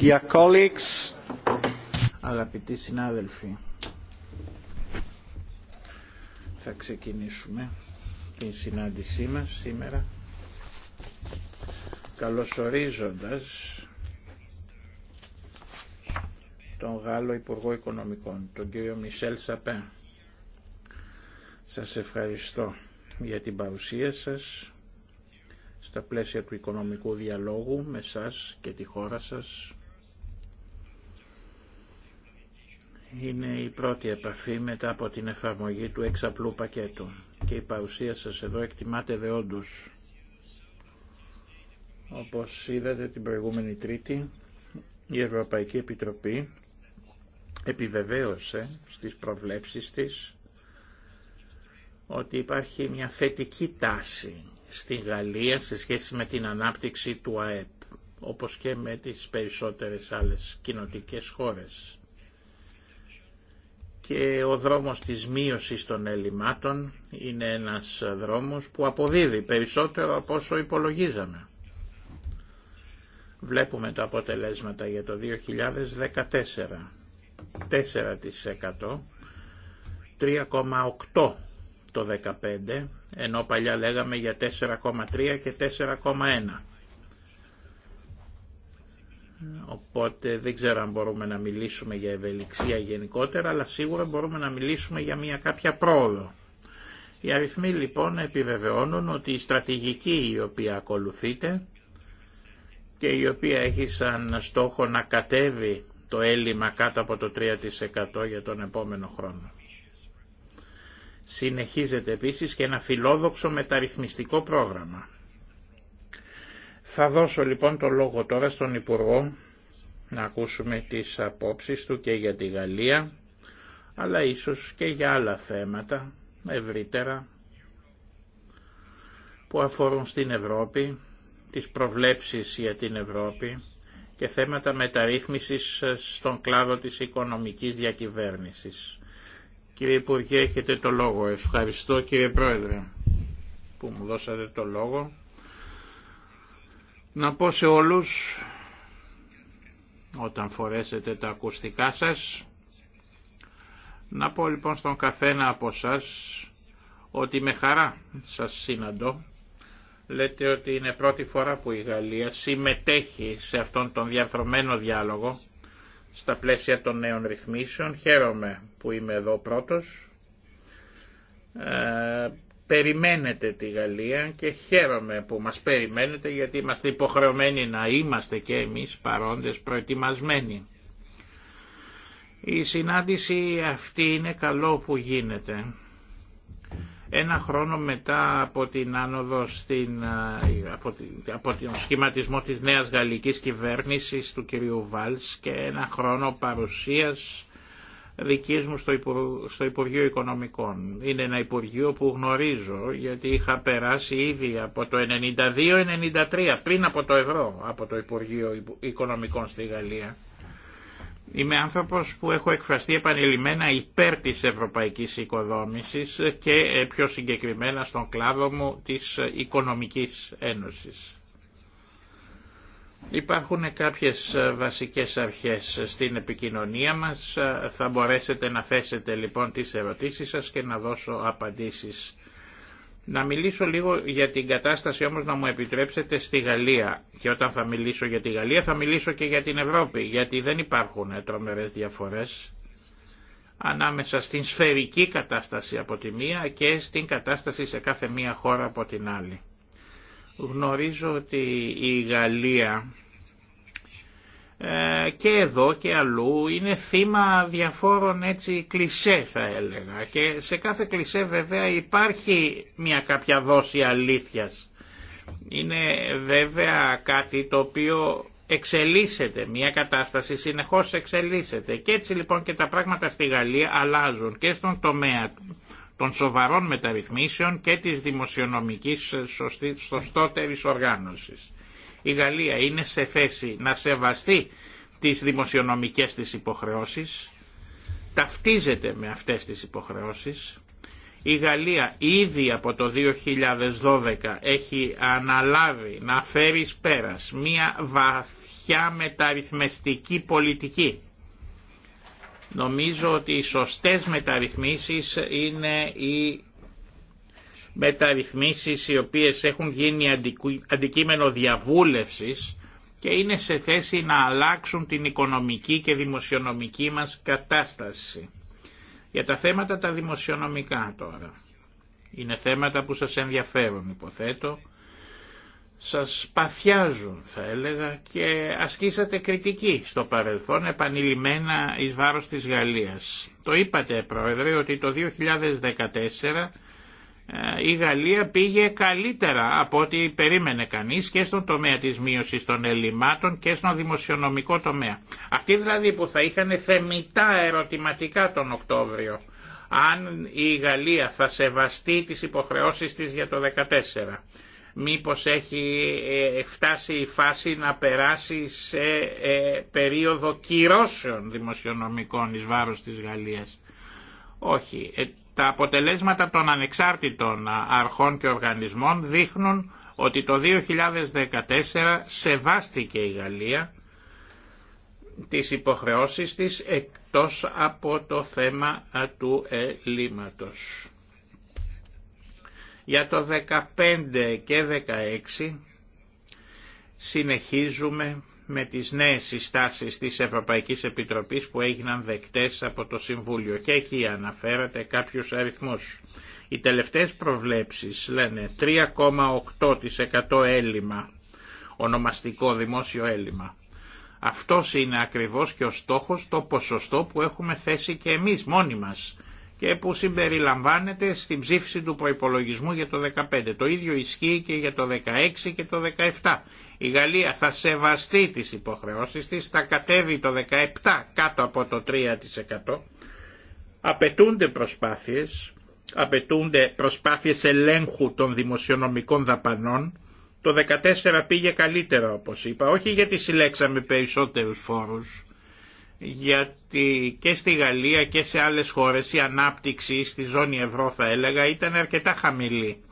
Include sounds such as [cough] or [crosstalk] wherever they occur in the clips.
Dear Αγαπητοί συνάδελφοι, θα ξεκινήσουμε την συνάντησή μας σήμερα καλωσορίζοντας τον Γάλλο Υπουργό Οικονομικών, τον κύριο Μισελ Σαπέ. Σας ευχαριστώ για την παρουσία σας στα πλαίσια του οικονομικού διαλόγου με σας και τη χώρα σας. είναι η πρώτη επαφή μετά από την εφαρμογή του εξαπλού πακέτου και η παρουσία σας εδώ εκτιμάται δεόντως. Όπως είδατε την προηγούμενη Τρίτη, η Ευρωπαϊκή Επιτροπή επιβεβαίωσε στις προβλέψεις της ότι υπάρχει μια θετική τάση στη Γαλλία σε σχέση με την ανάπτυξη του ΑΕΠ, όπως και με τις περισσότερες άλλες κοινοτικές χώρες και ο δρόμος της μείωσης των ελλημάτων είναι ένας δρόμος που αποδίδει περισσότερο από όσο υπολογίζαμε. Βλέπουμε τα αποτελέσματα για το 2014. 4%, 3,8% το 2015, ενώ παλιά λέγαμε για 4,3% και 4,1%. Οπότε δεν ξέρω αν μπορούμε να μιλήσουμε για ευελιξία γενικότερα, αλλά σίγουρα μπορούμε να μιλήσουμε για μια κάποια πρόοδο. Οι αριθμοί λοιπόν επιβεβαιώνουν ότι η στρατηγική η οποία ακολουθείται και η οποία έχει σαν στόχο να κατέβει το έλλειμμα κάτω από το 3% για τον επόμενο χρόνο. Συνεχίζεται επίσης και ένα φιλόδοξο μεταρρυθμιστικό πρόγραμμα. Θα δώσω λοιπόν το λόγο τώρα στον Υπουργό να ακούσουμε τις απόψεις του και για τη Γαλλία, αλλά ίσως και για άλλα θέματα ευρύτερα που αφορούν στην Ευρώπη, τις προβλέψεις για την Ευρώπη και θέματα μεταρρύθμισης στον κλάδο της οικονομικής διακυβέρνησης. Κύριε Υπουργέ, έχετε το λόγο. Ευχαριστώ κύριε Πρόεδρε που μου δώσατε το λόγο. Να πω σε όλους, όταν φορέσετε τα ακουστικά σας, να πω λοιπόν στον καθένα από σας ότι με χαρά σας συναντώ. Λέτε ότι είναι πρώτη φορά που η Γαλλία συμμετέχει σε αυτόν τον διαρθρωμένο διάλογο στα πλαίσια των νέων ρυθμίσεων. Χαίρομαι που είμαι εδώ πρώτος. Ε, περιμένετε τη Γαλλία και χαίρομαι που μας περιμένετε γιατί είμαστε υποχρεωμένοι να είμαστε και εμείς παρόντες προετοιμασμένοι. Η συνάντηση αυτή είναι καλό που γίνεται. Ένα χρόνο μετά από την άνοδο στην, από, από τον σχηματισμό της νέας γαλλικής κυβέρνησης του κυρίου Βάλς και ένα χρόνο παρουσίας δικής μου στο Υπουργείο Οικονομικών. Είναι ένα Υπουργείο που γνωρίζω γιατί είχα περάσει ήδη από το 92-93 πριν από το ευρώ από το Υπουργείο Οικονομικών στη Γαλλία. Είμαι άνθρωπος που έχω εκφραστεί επανειλημμένα υπέρ της ευρωπαϊκής οικοδόμησης και ε, πιο συγκεκριμένα στον κλάδο μου της Οικονομικής Ένωσης. Υπάρχουν κάποιες ε, βασικές αρχές στην επικοινωνία μας. Ε, θα μπορέσετε να θέσετε λοιπόν τις ερωτήσεις σας και να δώσω απαντήσεις. Να μιλήσω λίγο για την κατάσταση όμως να μου επιτρέψετε στη Γαλλία. Και όταν θα μιλήσω για τη Γαλλία θα μιλήσω και για την Ευρώπη, γιατί δεν υπάρχουν ε, τρομερές διαφορές ανάμεσα στην σφαιρική κατάσταση από τη μία και στην κατάσταση σε κάθε μία χώρα από την άλλη. Γνωρίζω ότι η Γαλλία ε, και εδώ και αλλού είναι θύμα διαφόρων έτσι κλισέ θα έλεγα και σε κάθε κλισέ βέβαια υπάρχει μια κάποια δόση αλήθειας. Είναι βέβαια κάτι το οποίο εξελίσσεται, μια κατάσταση συνεχώς εξελίσσεται και έτσι λοιπόν και τα πράγματα στη Γαλλία αλλάζουν και στον τομέα του των σοβαρών μεταρρυθμίσεων και της δημοσιονομικής σωστότερης οργάνωσης. Η Γαλλία είναι σε θέση να σεβαστεί τις δημοσιονομικές της υποχρεώσεις, ταυτίζεται με αυτές τις υποχρεώσεις. Η Γαλλία ήδη από το 2012 έχει αναλάβει να φέρει πέρας μια βαθιά μεταρρυθμιστική πολιτική Νομίζω ότι οι σωστές μεταρρυθμίσεις είναι οι μεταρρυθμίσεις οι οποίες έχουν γίνει αντικείμενο διαβούλευσης και είναι σε θέση να αλλάξουν την οικονομική και δημοσιονομική μας κατάσταση. Για τα θέματα τα δημοσιονομικά τώρα. Είναι θέματα που σας ενδιαφέρουν υποθέτω σας παθιάζουν θα έλεγα και ασκήσατε κριτική στο παρελθόν επανειλημμένα εις βάρος της Γαλλίας. Το είπατε Πρόεδρε ότι το 2014 ε, η Γαλλία πήγε καλύτερα από ό,τι περίμενε κανείς και στον τομέα της μείωσης των ελλημάτων και στον δημοσιονομικό τομέα. Αυτοί δηλαδή που θα είχαν θεμητά ερωτηματικά τον Οκτώβριο αν η Γαλλία θα σεβαστεί τις υποχρεώσεις της για το 2014 μήπως έχει ε, φτάσει η φάση να περάσει σε ε, περίοδο κυρώσεων δημοσιονομικών εις βάρος της Γαλλίας. Όχι. Ε, τα αποτελέσματα των ανεξάρτητων αρχών και οργανισμών δείχνουν ότι το 2014 σεβάστηκε η Γαλλία τις υποχρεώσεις της εκτός από το θέμα του ελλείμματος. Για το 15 και 16 συνεχίζουμε με τις νέες συστάσεις της Ευρωπαϊκής Επιτροπής που έγιναν δεκτές από το Συμβούλιο και εκεί αναφέρατε κάποιους αριθμούς. Οι τελευταίες προβλέψεις λένε 3,8% έλλειμμα, ονομαστικό δημόσιο έλλειμμα. Αυτός είναι ακριβώς και ο στόχος, το ποσοστό που έχουμε θέσει και εμείς μόνοι μας και που συμπεριλαμβάνεται στην ψήφιση του προϋπολογισμού για το 2015. Το ίδιο ισχύει και για το 2016 και το 2017. Η Γαλλία θα σεβαστεί τις υποχρεώσεις της, θα κατέβει το 2017 κάτω από το 3%. Απαιτούνται προσπάθειες, απαιτούνται προσπάθειες ελέγχου των δημοσιονομικών δαπανών. Το 2014 πήγε καλύτερα όπως είπα, όχι γιατί συλλέξαμε περισσότερους φόρους, γιατί και στη Γαλλία και σε άλλες χώρες η ανάπτυξη στη ζώνη ευρώ θα έλεγα ήταν αρκετά χαμηλή.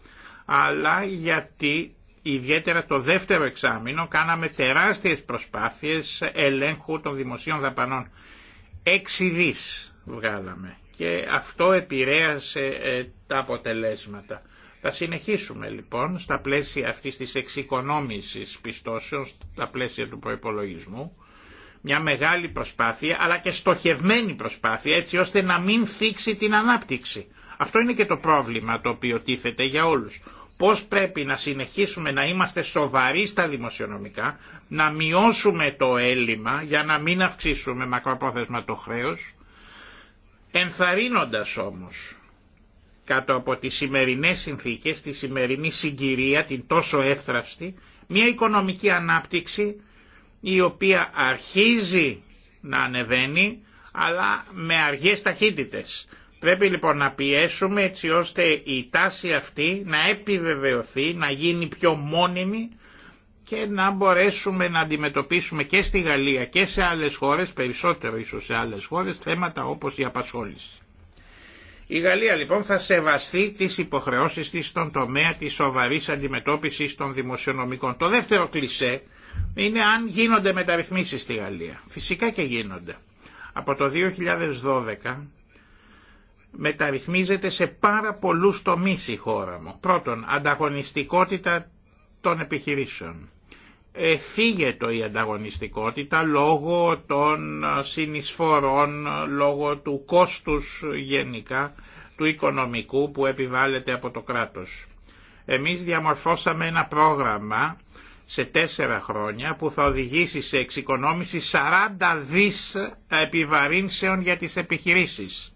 Αλλά γιατί ιδιαίτερα το δεύτερο εξάμεινο κάναμε τεράστιες προσπάθειες ελέγχου των δημοσίων δαπανών. Έξι δις βγάλαμε και αυτό επηρέασε ε, τα αποτελέσματα. Θα συνεχίσουμε λοιπόν στα πλαίσια αυτής της εξοικονόμησης πιστώσεων, στα πλαίσια του προϋπολογισμού, μια μεγάλη προσπάθεια αλλά και στοχευμένη προσπάθεια έτσι ώστε να μην θίξει την ανάπτυξη. Αυτό είναι και το πρόβλημα το οποίο τίθεται για όλους. Πώς πρέπει να συνεχίσουμε να είμαστε σοβαροί στα δημοσιονομικά, να μειώσουμε το έλλειμμα για να μην αυξήσουμε μακροπρόθεσμα το χρέος, ενθαρρύνοντας όμως κάτω από τις σημερινές συνθήκες, τη σημερινή συγκυρία, την τόσο εύθραυστη, μια οικονομική ανάπτυξη η οποία αρχίζει να ανεβαίνει αλλά με αργές ταχύτητες. Πρέπει λοιπόν να πιέσουμε έτσι ώστε η τάση αυτή να επιβεβαιωθεί, να γίνει πιο μόνιμη και να μπορέσουμε να αντιμετωπίσουμε και στη Γαλλία και σε άλλες χώρες, περισσότερο ίσως σε άλλες χώρες, θέματα όπως η απασχόληση. Η Γαλλία λοιπόν θα σεβαστεί τις υποχρεώσεις της στον τομέα της σοβαρής αντιμετώπισης των δημοσιονομικών. Το δεύτερο κλισέ είναι αν γίνονται μεταρρυθμίσεις στη Γαλλία. Φυσικά και γίνονται. Από το 2012 μεταρρυθμίζεται σε πάρα πολλούς τομείς η χώρα μου. Πρώτον, ανταγωνιστικότητα των επιχειρήσεων. Ε, φύγεται η ανταγωνιστικότητα λόγω των ε, συνεισφορών, λόγω του κόστους γενικά του οικονομικού που επιβάλλεται από το κράτος. Εμείς διαμορφώσαμε ένα πρόγραμμα σε τέσσερα χρόνια που θα οδηγήσει σε εξοικονόμηση 40 δις επιβαρύνσεων για τις επιχειρήσεις.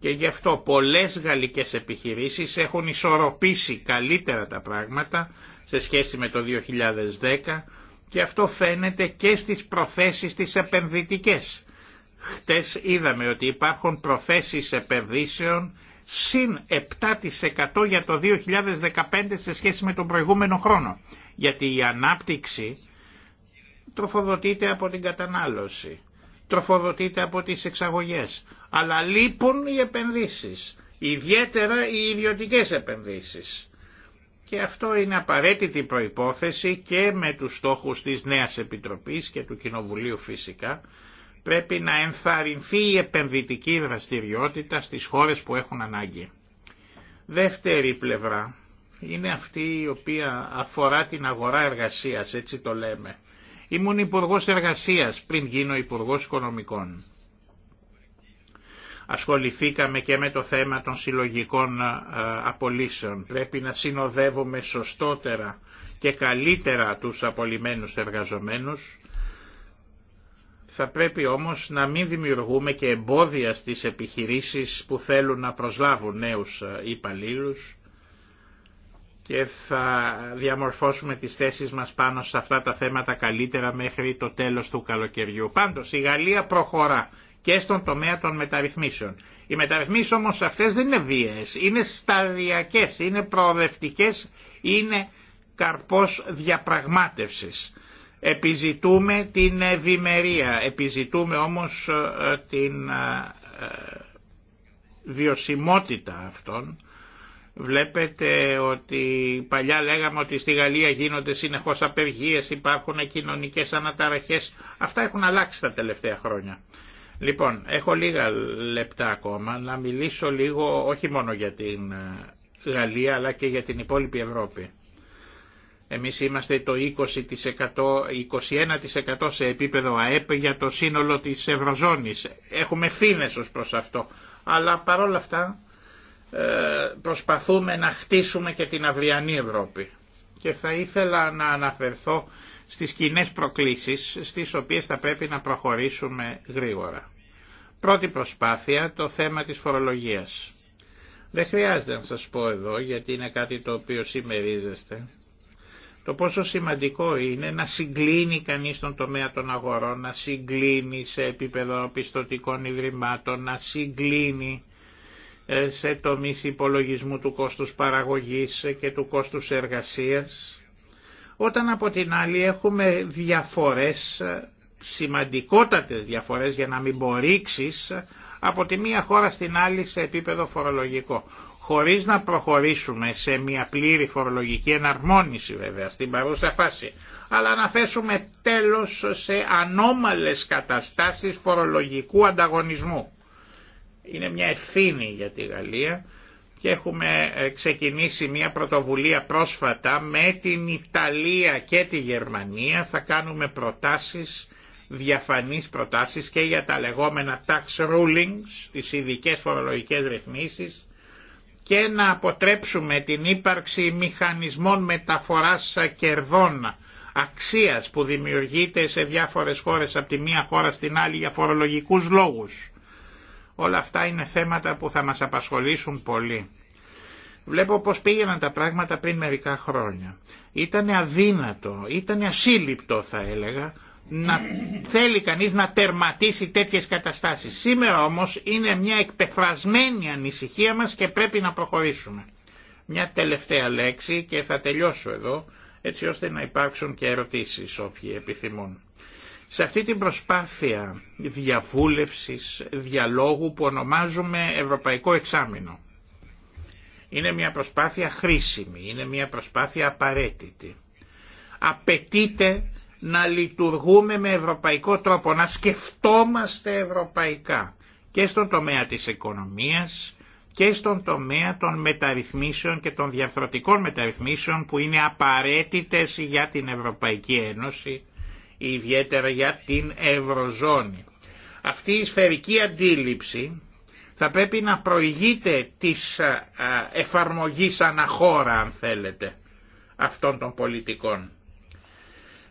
Και γι' αυτό πολλές γαλλικές επιχειρήσεις έχουν ισορροπήσει καλύτερα τα πράγματα σε σχέση με το 2010 και αυτό φαίνεται και στις προθέσεις τις επενδυτικές. Χτες είδαμε ότι υπάρχουν προθέσεις επενδύσεων συν 7% για το 2015 σε σχέση με τον προηγούμενο χρόνο γιατί η ανάπτυξη τροφοδοτείται από την κατανάλωση, τροφοδοτείται από τις εξαγωγές, αλλά λείπουν οι επενδύσεις, ιδιαίτερα οι ιδιωτικές επενδύσεις. Και αυτό είναι απαραίτητη προϋπόθεση και με τους στόχους της Νέας Επιτροπής και του Κοινοβουλίου φυσικά, πρέπει να ενθαρρυνθεί η επενδυτική δραστηριότητα στις χώρες που έχουν ανάγκη. Δεύτερη πλευρά είναι αυτή η οποία αφορά την αγορά εργασίας, έτσι το λέμε. Ήμουν υπουργό Εργασίας πριν γίνω υπουργό Οικονομικών. Ασχοληθήκαμε και με το θέμα των συλλογικών ε, απολύσεων. Πρέπει να συνοδεύουμε σωστότερα και καλύτερα τους απολυμένους εργαζομένους. Θα πρέπει όμως να μην δημιουργούμε και εμπόδια στις επιχειρήσεις που θέλουν να προσλάβουν νέους ε, υπαλλήλους και θα διαμορφώσουμε τις θέσεις μας πάνω σε αυτά τα θέματα καλύτερα μέχρι το τέλος του καλοκαιριού. Πάντως η Γαλλία προχωρά και στον τομέα των μεταρρυθμίσεων. Οι μεταρρυθμίσεις όμως αυτές δεν είναι βίαιες, είναι σταδιακές, είναι προοδευτικές, είναι καρπός διαπραγμάτευσης. Επιζητούμε την ευημερία, επιζητούμε όμως ε, ε, την ε, βιωσιμότητα αυτών Βλέπετε ότι παλιά λέγαμε ότι στη Γαλλία γίνονται συνεχώς απεργίες, υπάρχουν κοινωνικές αναταραχές. Αυτά έχουν αλλάξει τα τελευταία χρόνια. Λοιπόν, έχω λίγα λεπτά ακόμα να μιλήσω λίγο όχι μόνο για την ε, Γαλλία αλλά και για την υπόλοιπη Ευρώπη. Εμείς είμαστε το 20%, 21% σε επίπεδο ΑΕΠ για το σύνολο της Ευρωζώνης. Έχουμε φίνες ως προς αυτό. Αλλά παρόλα αυτά ε, προσπαθούμε να χτίσουμε και την αυριανή Ευρώπη. Και θα ήθελα να αναφερθώ στις κοινέ προκλήσεις στις οποίες θα πρέπει να προχωρήσουμε γρήγορα. Πρώτη προσπάθεια, το θέμα της φορολογίας. Δεν χρειάζεται να σας πω εδώ γιατί είναι κάτι το οποίο συμμερίζεστε. Το πόσο σημαντικό είναι να συγκλίνει κανείς τον τομέα των αγορών, να συγκλίνει σε επίπεδο πιστοτικών ιδρυμάτων, να συγκλίνει σε τομείς υπολογισμού του κόστους παραγωγής και του κόστους εργασίας, όταν από την άλλη έχουμε διαφορές, σημαντικότατες διαφορές για να μην μπορείξεις από τη μία χώρα στην άλλη σε επίπεδο φορολογικό. Χωρίς να προχωρήσουμε σε μια πλήρη φορολογική εναρμόνιση βέβαια στην παρούσα φάση, αλλά να θέσουμε τέλος σε ανώμαλες καταστάσεις φορολογικού ανταγωνισμού είναι μια ευθύνη για τη Γαλλία και έχουμε ε, ξεκινήσει μια πρωτοβουλία πρόσφατα με την Ιταλία και τη Γερμανία θα κάνουμε προτάσεις διαφανείς προτάσεις και για τα λεγόμενα tax rulings, τις ειδικέ φορολογικές ρυθμίσεις και να αποτρέψουμε την ύπαρξη μηχανισμών μεταφοράς κερδών αξίας που δημιουργείται σε διάφορες χώρες από τη μία χώρα στην άλλη για φορολογικούς λόγους. Όλα αυτά είναι θέματα που θα μας απασχολήσουν πολύ. Βλέπω πως πήγαιναν τα πράγματα πριν μερικά χρόνια. Ήταν αδύνατο, ήταν ασύλληπτο θα έλεγα, να θέλει κανείς να τερματίσει τέτοιες καταστάσεις. Σήμερα όμως είναι μια εκπεφρασμένη ανησυχία μας και πρέπει να προχωρήσουμε. Μια τελευταία λέξη και θα τελειώσω εδώ έτσι ώστε να υπάρξουν και ερωτήσεις όποιοι επιθυμούν. Σε αυτή την προσπάθεια διαβούλευσης, διαλόγου που ονομάζουμε Ευρωπαϊκό Εξάμεινο. Είναι μια προσπάθεια χρήσιμη, είναι μια προσπάθεια απαραίτητη. Απαιτείται να λειτουργούμε με ευρωπαϊκό τρόπο, να σκεφτόμαστε ευρωπαϊκά και στον τομέα της οικονομίας και στον τομέα των μεταρρυθμίσεων και των διαφθορτικών μεταρρυθμίσεων που είναι απαραίτητες για την Ευρωπαϊκή Ένωση ιδιαίτερα για την Ευρωζώνη. Αυτή η σφαιρική αντίληψη θα πρέπει να προηγείται της εφαρμογής αναχώρα αν θέλετε αυτών των πολιτικών.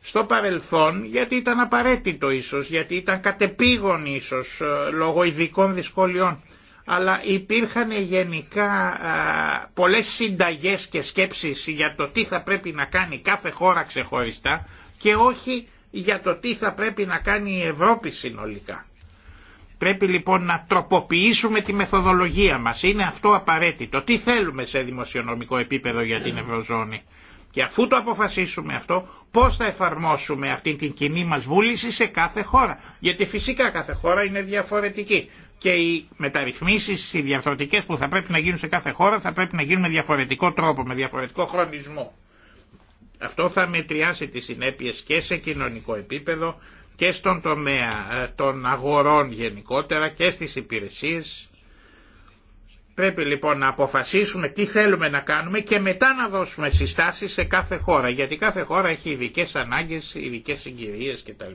Στο παρελθόν γιατί ήταν απαραίτητο ίσως, γιατί ήταν κατεπήγον ίσως λόγω ειδικών δυσκολιών αλλά υπήρχαν γενικά πολλές συνταγές και σκέψεις για το τι θα πρέπει να κάνει κάθε χώρα ξεχωριστά και όχι για το τι θα πρέπει να κάνει η Ευρώπη συνολικά. Πρέπει λοιπόν να τροποποιήσουμε τη μεθοδολογία μας. Είναι αυτό απαραίτητο. Τι θέλουμε σε δημοσιονομικό επίπεδο για την Ευρωζώνη. Και αφού το αποφασίσουμε αυτό, πώς θα εφαρμόσουμε αυτή την κοινή μας βούληση σε κάθε χώρα. Γιατί φυσικά κάθε χώρα είναι διαφορετική. Και οι μεταρρυθμίσεις, οι διαφορετικές που θα πρέπει να γίνουν σε κάθε χώρα θα πρέπει να γίνουν με διαφορετικό τρόπο, με διαφορετικό χρονισμό. Αυτό θα μετριάσει τις συνέπειες και σε κοινωνικό επίπεδο και στον τομέα ε, των αγορών γενικότερα και στις υπηρεσίες. Πρέπει λοιπόν να αποφασίσουμε τι θέλουμε να κάνουμε και μετά να δώσουμε συστάσεις σε κάθε χώρα, γιατί κάθε χώρα έχει ειδικέ ανάγκες, ειδικέ συγκυρίες κτλ.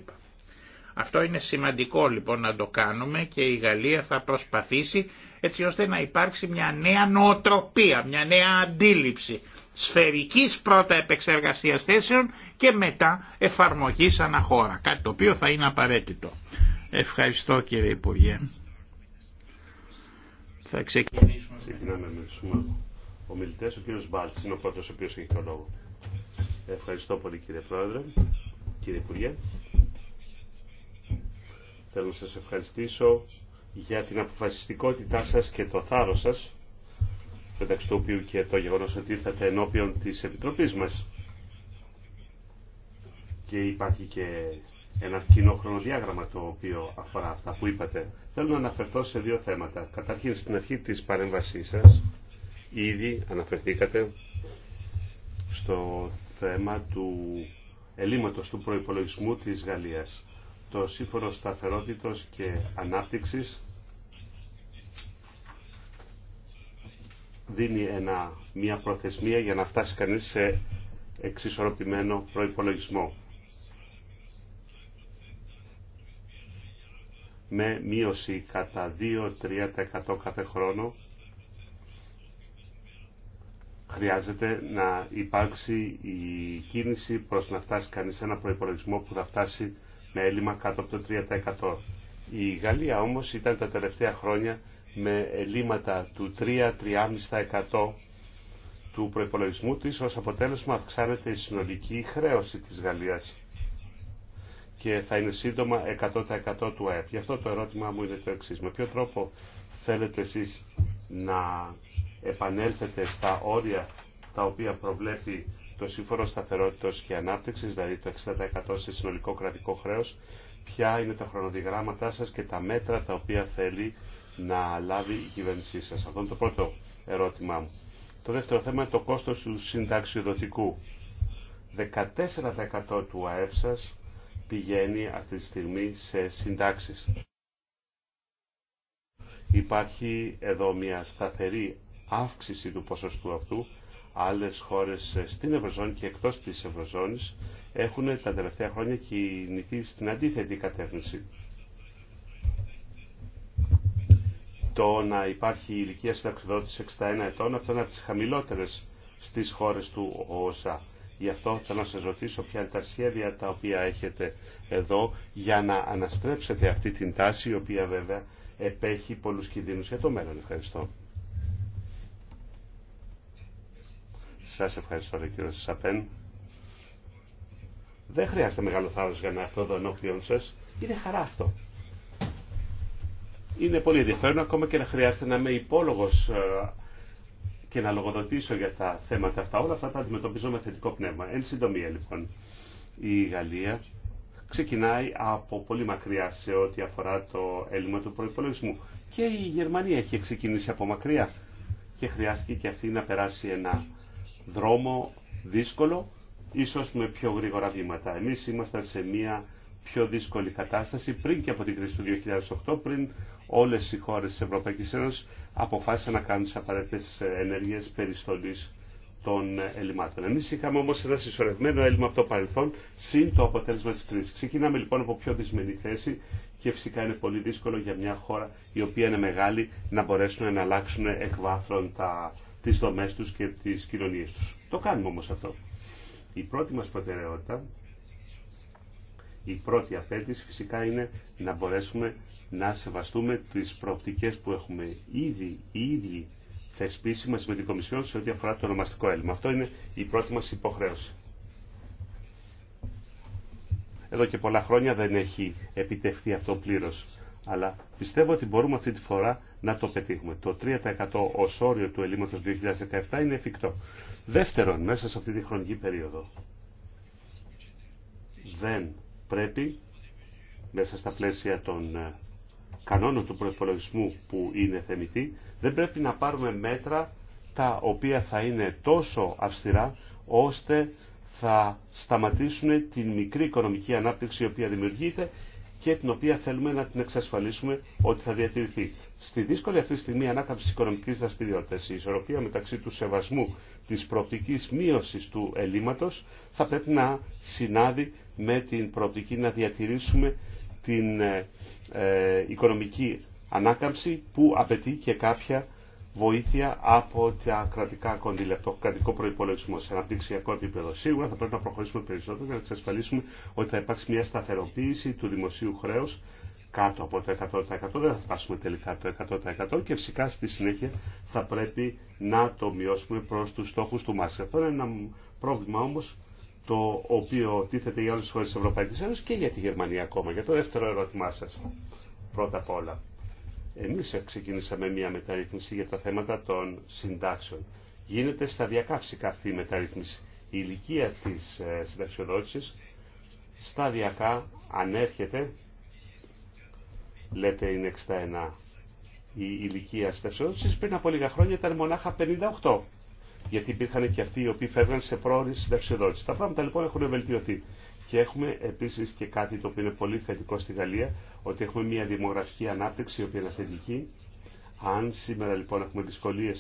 Αυτό είναι σημαντικό λοιπόν να το κάνουμε και η Γαλλία θα προσπαθήσει έτσι ώστε να υπάρξει μια νέα νοοτροπία, μια νέα αντίληψη σφαιρικής πρώτα επεξεργασίας θέσεων και μετά εφαρμογής αναχώρα, κάτι το οποίο θα είναι απαραίτητο. Ευχαριστώ κύριε Υπουργέ. Θα ξεκινήσουμε. Ξεκινάμε Ο μιλητές, ο κύριος Μπάλτς, είναι ο πρώτος ο οποίος έχει το λόγο. Ευχαριστώ πολύ κύριε Πρόεδρε, κύριε Υπουργέ. Θέλω να σας ευχαριστήσω για την αποφασιστικότητά σας και το θάρρος σας μεταξύ του οποίου και το γεγονός ότι ήρθατε ενώπιον της Επιτροπής μας. Και υπάρχει και ένα κοινό χρονοδιάγραμμα το οποίο αφορά αυτά που είπατε. Θέλω να αναφερθώ σε δύο θέματα. Καταρχήν στην αρχή της παρέμβασής σας ήδη αναφερθήκατε στο θέμα του ελλείμματος του προϋπολογισμού της Γαλλίας. Το Σύμφωνο Σταθερότητος και Ανάπτυξης δίνει ένα, μια προθεσμία για να φτάσει κανείς σε εξισορροπημένο προϋπολογισμό. με μείωση κατά 2-3% κάθε χρόνο χρειάζεται να υπάρξει η κίνηση προς να φτάσει κανείς σε ένα προϋπολογισμό που θα φτάσει με έλλειμμα κάτω από το 3%. Η Γαλλία όμως ήταν τα τελευταία χρόνια με ελλείμματα του 3-3,5% του προϋπολογισμού της, ως αποτέλεσμα αυξάνεται η συνολική χρέωση της Γαλλίας και θα είναι σύντομα 100% του ΑΕΠ. Γι' αυτό το ερώτημά μου είναι το εξής. Με ποιο τρόπο θέλετε εσείς να επανέλθετε στα όρια τα οποία προβλέπει το Σύμφωνο Σταθερότητας και Ανάπτυξης, δηλαδή το 60% σε συνολικό κρατικό χρέος, ποια είναι τα χρονοδιγράμματά σας και τα μέτρα τα οποία θέλει να λάβει η κυβέρνησή σα. Αυτό είναι το πρώτο ερώτημά μου. Το δεύτερο θέμα είναι το κόστος του συνταξιοδοτικού. 14% του ΑΕΠ σα πηγαίνει αυτή τη στιγμή σε συντάξει. Υπάρχει εδώ μια σταθερή αύξηση του ποσοστού αυτού. Άλλες χώρες στην Ευρωζώνη και εκτός της Ευρωζώνης έχουν τα τελευταία χρόνια κινηθεί στην αντίθετη κατεύθυνση. το να υπάρχει η ηλικία συνταξιδότηση 61 ετών, αυτό είναι από τις χαμηλότερες στις χώρες του ΟΣΑ. Γι' αυτό θα να σας ρωτήσω ποια είναι τα σχέδια τα οποία έχετε εδώ για να αναστρέψετε αυτή την τάση, η οποία βέβαια επέχει πολλούς κινδύνους για το μέλλον. Ευχαριστώ. Σας ευχαριστώ, κύριε Σαπέν. Δεν χρειάζεται μεγάλο θάρρος για να έρθω εδώ ενώπιον σας. Είναι χαρά αυτό είναι πολύ ενδιαφέρον ακόμα και να χρειάζεται να είμαι υπόλογος ε, και να λογοδοτήσω για τα θέματα αυτά. Όλα αυτά τα αντιμετωπίζω με θετικό πνεύμα. Εν συντομία λοιπόν, η Γαλλία ξεκινάει από πολύ μακριά σε ό,τι αφορά το έλλειμμα του προπολογισμού. Και η Γερμανία έχει ξεκινήσει από μακριά και χρειάστηκε και αυτή να περάσει ένα δρόμο δύσκολο, ίσως με πιο γρήγορα βήματα. Εμείς ήμασταν σε μια πιο δύσκολη κατάσταση πριν και από την κρίση του 2008, πριν όλες οι χώρες της Ευρωπαϊκής Ένωσης αποφάσισαν να κάνουν τις απαραίτητες ε, ενέργειες περιστολής των ε, ελλημάτων. Εμείς είχαμε όμως ένα συσσωρευμένο έλλειμμα από το παρελθόν, συν το αποτέλεσμα της κρίσης. Ξεκινάμε λοιπόν από πιο δυσμενή θέση και φυσικά είναι πολύ δύσκολο για μια χώρα η οποία είναι μεγάλη να μπορέσουν να αλλάξουν εκ βάθρων τα, τις δομές τους και τις κοινωνίες τους. Το κάνουμε όμως αυτό. Η πρώτη μας προτεραιότητα η πρώτη απέτηση φυσικά είναι να μπορέσουμε να σεβαστούμε τις προοπτικές που έχουμε ήδη οι ίδιοι θεσπίσει μας με την Κομισιόν σε ό,τι αφορά το ονομαστικό έλλειμμα. Αυτό είναι η πρώτη μας υποχρέωση. Εδώ και πολλά χρόνια δεν έχει επιτευχθεί αυτό πλήρως. Αλλά πιστεύω ότι μπορούμε αυτή τη φορά να το πετύχουμε. Το 3% ως όριο του ελλείμματος 2017 είναι εφικτό. Δεύτερον, μέσα σε αυτή τη χρονική περίοδο δεν πρέπει μέσα στα πλαίσια των ε, κανόνων του προπολογισμού που είναι θεμητοί, δεν πρέπει να πάρουμε μέτρα τα οποία θα είναι τόσο αυστηρά ώστε θα σταματήσουν την μικρή οικονομική ανάπτυξη η οποία δημιουργείται και την οποία θέλουμε να την εξασφαλίσουμε ότι θα διατηρηθεί. Στη δύσκολη αυτή στιγμή ανάκαμψη οικονομικής δραστηριότητας, η ισορροπία μεταξύ του σεβασμού της προοπτικής μείωσης του ελλείμματος θα πρέπει να συνάδει με την προοπτική να διατηρήσουμε την ε, ε, οικονομική ανάκαμψη που απαιτεί και κάποια βοήθεια από τα κρατικά κονδύλια, από το κρατικό προπολογισμό σε αναπτυξιακό επίπεδο. Σίγουρα θα πρέπει να προχωρήσουμε περισσότερο για να εξασφαλίσουμε ότι θα υπάρξει μια σταθεροποίηση του δημοσίου χρέου κάτω από το 100% δεν θα φτάσουμε τελικά το 100% και φυσικά στη συνέχεια θα πρέπει να το μειώσουμε προς τους στόχους του μας. Αυτό είναι ένα πρόβλημα όμως το οποίο τίθεται για όλες τις χώρες της Ευρωπαϊκής Ένωσης και για τη Γερμανία ακόμα. Για το δεύτερο ερώτημά σας, πρώτα απ' όλα. Εμείς ξεκινήσαμε μια μεταρρύθμιση για τα θέματα των συντάξεων. Γίνεται σταδιακά φυσικά αυτή η μεταρρύθμιση. Η ηλικία της ε, συνταξιοδότησης σταδιακά ανέρχεται λέτε είναι 61 η ηλικία συνταξιοδότηση πριν από λίγα χρόνια ήταν μονάχα 58. Γιατί υπήρχαν και αυτοί οι οποίοι φεύγαν σε πρόορη συνταξιοδότηση. Τα πράγματα λοιπόν έχουν βελτιωθεί. Και έχουμε επίση και κάτι το οποίο είναι πολύ θετικό στη Γαλλία, ότι έχουμε μια δημογραφική ανάπτυξη η οποία είναι θετική. Αν σήμερα λοιπόν έχουμε δυσκολίε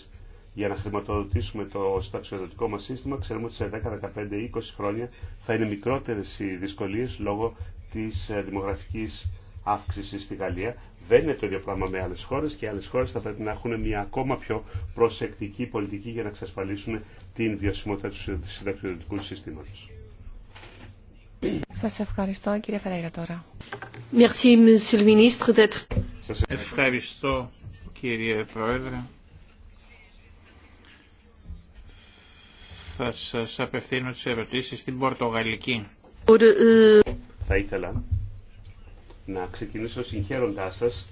για να χρηματοδοτήσουμε το συνταξιοδοτικό μα σύστημα, ξέρουμε ότι σε 10, 15, 20 χρόνια θα είναι μικρότερε οι δυσκολίε λόγω τη ε, δημογραφική αύξηση στη Γαλλία. Δεν είναι το ίδιο πράγμα με άλλε χώρε και οι άλλε χώρε θα πρέπει να έχουν μια ακόμα πιο προσεκτική πολιτική για να εξασφαλίσουν την βιωσιμότητα του συνταξιδοτικού συστήματο. Σα ευχαριστώ, κύριε Φεραίρα, τώρα. Ευχαριστώ, κύριε Πρόεδρε. Θα σας απευθύνω τις ερωτήσεις στην Πορτογαλική. Θα ήθελα να ξεκινήσω συγχαίροντά σας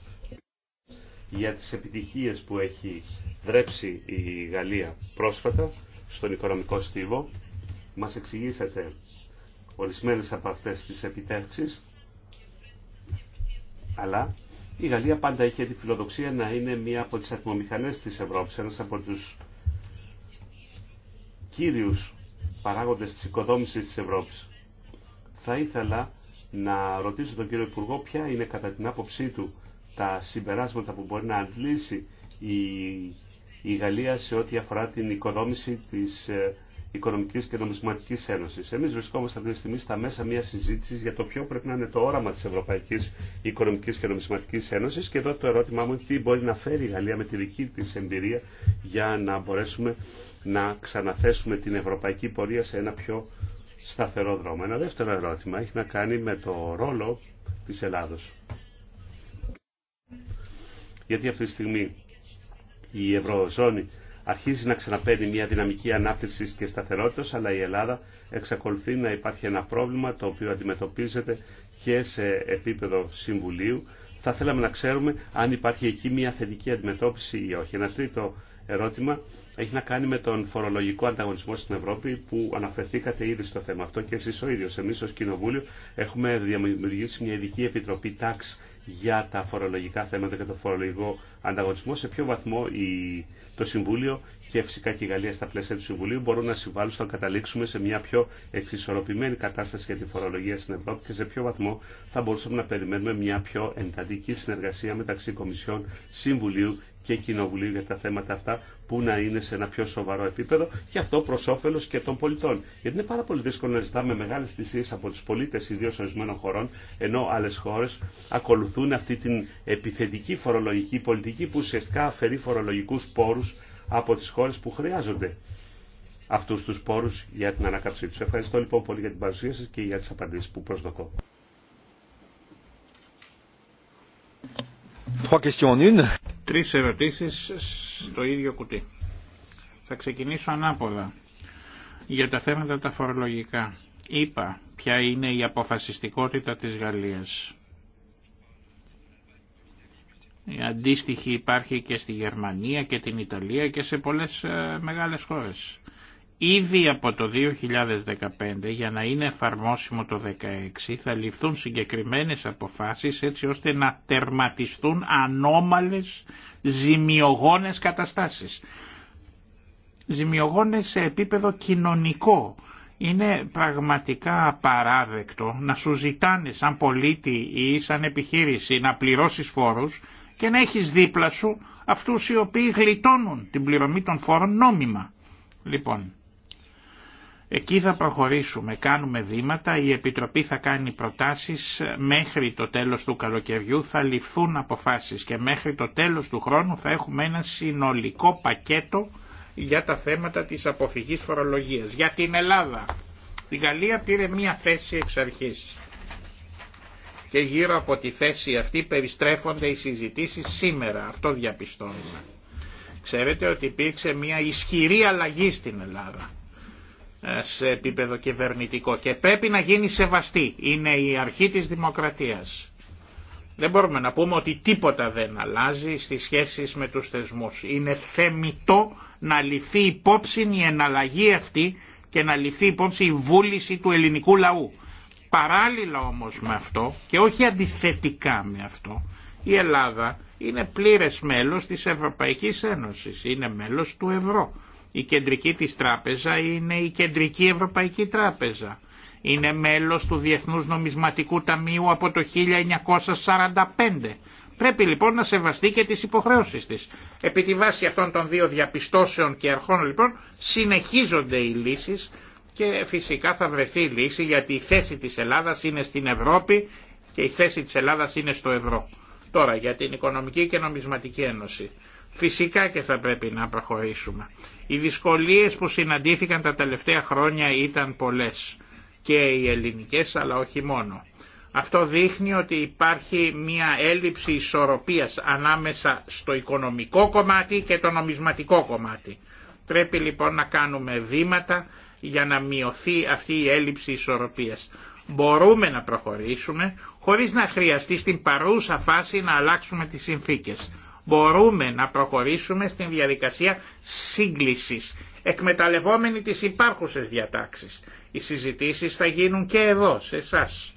για τις επιτυχίες που έχει δρέψει η Γαλλία πρόσφατα στον οικονομικό στίβο. Μας εξηγήσατε ορισμένες από αυτές τις επιτεύξεις, αλλά η Γαλλία πάντα είχε τη φιλοδοξία να είναι μία από τις ατμομηχανές της Ευρώπης, ένας από τους κύριους παράγοντες της οικοδόμησης της Ευρώπης. Θα ήθελα να ρωτήσω τον κύριο Υπουργό ποια είναι κατά την άποψή του τα συμπεράσματα που μπορεί να αντλήσει η, η Γαλλία σε ό,τι αφορά την οικοδόμηση της ε, Οικονομικής και Νομισματικής Ένωσης. Εμείς βρισκόμαστε αυτή τη στιγμή στα μέσα μια συζήτηση για το ποιο πρέπει να είναι το όραμα της Ευρωπαϊκής Οικονομικής και Νομισματικής Ένωσης και εδώ το ερώτημά μου είναι τι μπορεί να φέρει η Γαλλία με τη δική της εμπειρία για να μπορέσουμε να ξαναθέσουμε την ευρωπαϊκή πορεία σε ένα πιο σταθερό δρόμο. Ένα δεύτερο ερώτημα έχει να κάνει με το ρόλο της Ελλάδος. Γιατί αυτή τη στιγμή η Ευρωζώνη αρχίζει να ξαναπαίνει μια δυναμική ανάπτυξη και σταθερότητα, αλλά η Ελλάδα εξακολουθεί να υπάρχει ένα πρόβλημα το οποίο αντιμετωπίζεται και σε επίπεδο Συμβουλίου. Θα θέλαμε να ξέρουμε αν υπάρχει εκεί μια θετική αντιμετώπιση ή όχι. Ένα ερώτημα έχει να κάνει με τον φορολογικό ανταγωνισμό στην Ευρώπη που αναφερθήκατε ήδη στο θέμα αυτό και εσείς ο ίδιος. Εμείς ως Κοινοβούλιο έχουμε δημιουργήσει μια ειδική επιτροπή τάξη για τα φορολογικά θέματα και το φορολογικό ανταγωνισμό, σε ποιο βαθμό η, το Συμβούλιο και φυσικά και η Γαλλία στα πλαίσια του Συμβουλίου μπορούν να συμβάλλουν στο να καταλήξουμε σε μια πιο εξισορροπημένη κατάσταση για τη φορολογία στην Ευρώπη και σε ποιο βαθμό θα μπορούσαμε να περιμένουμε μια πιο εντατική συνεργασία μεταξύ Κομισιών, Συμβουλίου και Κοινοβουλίου για τα θέματα αυτά που να είναι σε ένα πιο σοβαρό επίπεδο και αυτό προ όφελο και των πολιτών. Γιατί είναι πάρα πολύ δύσκολο να ζητάμε μεγάλε θυσίε από του πολίτε, ιδίω ορισμένων χωρών, ενώ άλλε χώρε ακολουθούν αυτή την επιθετική φορολογική πολιτική πολιτική που ουσιαστικά αφαιρεί φορολογικούς πόρους από τις χώρες που χρειάζονται αυτούς τους πόρους για την ανάκαμψή τους. Ευχαριστώ λοιπόν πολύ για την παρουσία σας και για τις απαντήσεις που προσδοκώ. Τρεις ερωτήσεις στο ίδιο κουτί. Θα ξεκινήσω ανάποδα για τα θέματα τα φορολογικά. Είπα ποια είναι η αποφασιστικότητα της Γαλλίας. Η αντίστοιχη υπάρχει και στη Γερμανία και την Ιταλία και σε πολλές ε, μεγάλες χώρες. Ήδη από το 2015 για να είναι εφαρμόσιμο το 2016 θα ληφθούν συγκεκριμένες αποφάσεις έτσι ώστε να τερματιστούν ανώμαλες ζημιογόνες καταστάσεις. Ζημιογόνες σε επίπεδο κοινωνικό. Είναι πραγματικά απαράδεκτο να σου ζητάνε σαν πολίτη ή σαν επιχείρηση να πληρώσεις φόρους και να έχεις δίπλα σου αυτούς οι οποίοι γλιτώνουν την πληρωμή των φόρων νόμιμα. Λοιπόν, εκεί θα προχωρήσουμε, κάνουμε βήματα, η Επιτροπή θα κάνει προτάσεις, μέχρι το τέλος του καλοκαιριού θα ληφθούν αποφάσεις και μέχρι το τέλος του χρόνου θα έχουμε ένα συνολικό πακέτο για τα θέματα της αποφυγής φορολογίας. Για την Ελλάδα. Η Γαλλία πήρε μία θέση εξ αρχής και γύρω από τη θέση αυτή περιστρέφονται οι συζητήσεις σήμερα. Αυτό διαπιστώνουμε. Ξέρετε ότι υπήρξε μια ισχυρή αλλαγή στην Ελλάδα ε, σε επίπεδο κυβερνητικό και πρέπει να γίνει σεβαστή. Είναι η αρχή της δημοκρατίας. Δεν μπορούμε να πούμε ότι τίποτα δεν αλλάζει στις σχέσεις με τους θεσμούς. Είναι θεμητό να ληφθεί υπόψη η εναλλαγή αυτή και να ληφθεί υπόψη η βούληση του ελληνικού λαού. Παράλληλα όμως με αυτό και όχι αντιθετικά με αυτό η Ελλάδα είναι πλήρες μέλος της Ευρωπαϊκής Ένωσης, είναι μέλος του ευρώ. Η κεντρική της τράπεζα είναι η κεντρική Ευρωπαϊκή Τράπεζα. Είναι μέλος του Διεθνούς Νομισματικού Ταμείου από το 1945. Πρέπει λοιπόν να σεβαστεί και τις υποχρεώσεις της. Επί τη βάση αυτών των δύο διαπιστώσεων και αρχών λοιπόν συνεχίζονται οι λύσεις και φυσικά θα βρεθεί λύση γιατί η θέση της Ελλάδας είναι στην Ευρώπη και η θέση της Ελλάδας είναι στο ευρώ. Τώρα για την Οικονομική και Νομισματική Ένωση. Φυσικά και θα πρέπει να προχωρήσουμε. Οι δυσκολίες που συναντήθηκαν τα τελευταία χρόνια ήταν πολλές και οι ελληνικές αλλά όχι μόνο. Αυτό δείχνει ότι υπάρχει μια έλλειψη ισορροπίας ανάμεσα στο οικονομικό κομμάτι και το νομισματικό κομμάτι. Πρέπει λοιπόν να κάνουμε βήματα για να μειωθεί αυτή η έλλειψη ισορροπίας. Μπορούμε να προχωρήσουμε χωρίς να χρειαστεί στην παρούσα φάση να αλλάξουμε τις συνθήκες. Μπορούμε να προχωρήσουμε στην διαδικασία σύγκλησης, εκμεταλλευόμενη τις υπάρχουσες διατάξεις. Οι συζητήσεις θα γίνουν και εδώ, σε εσάς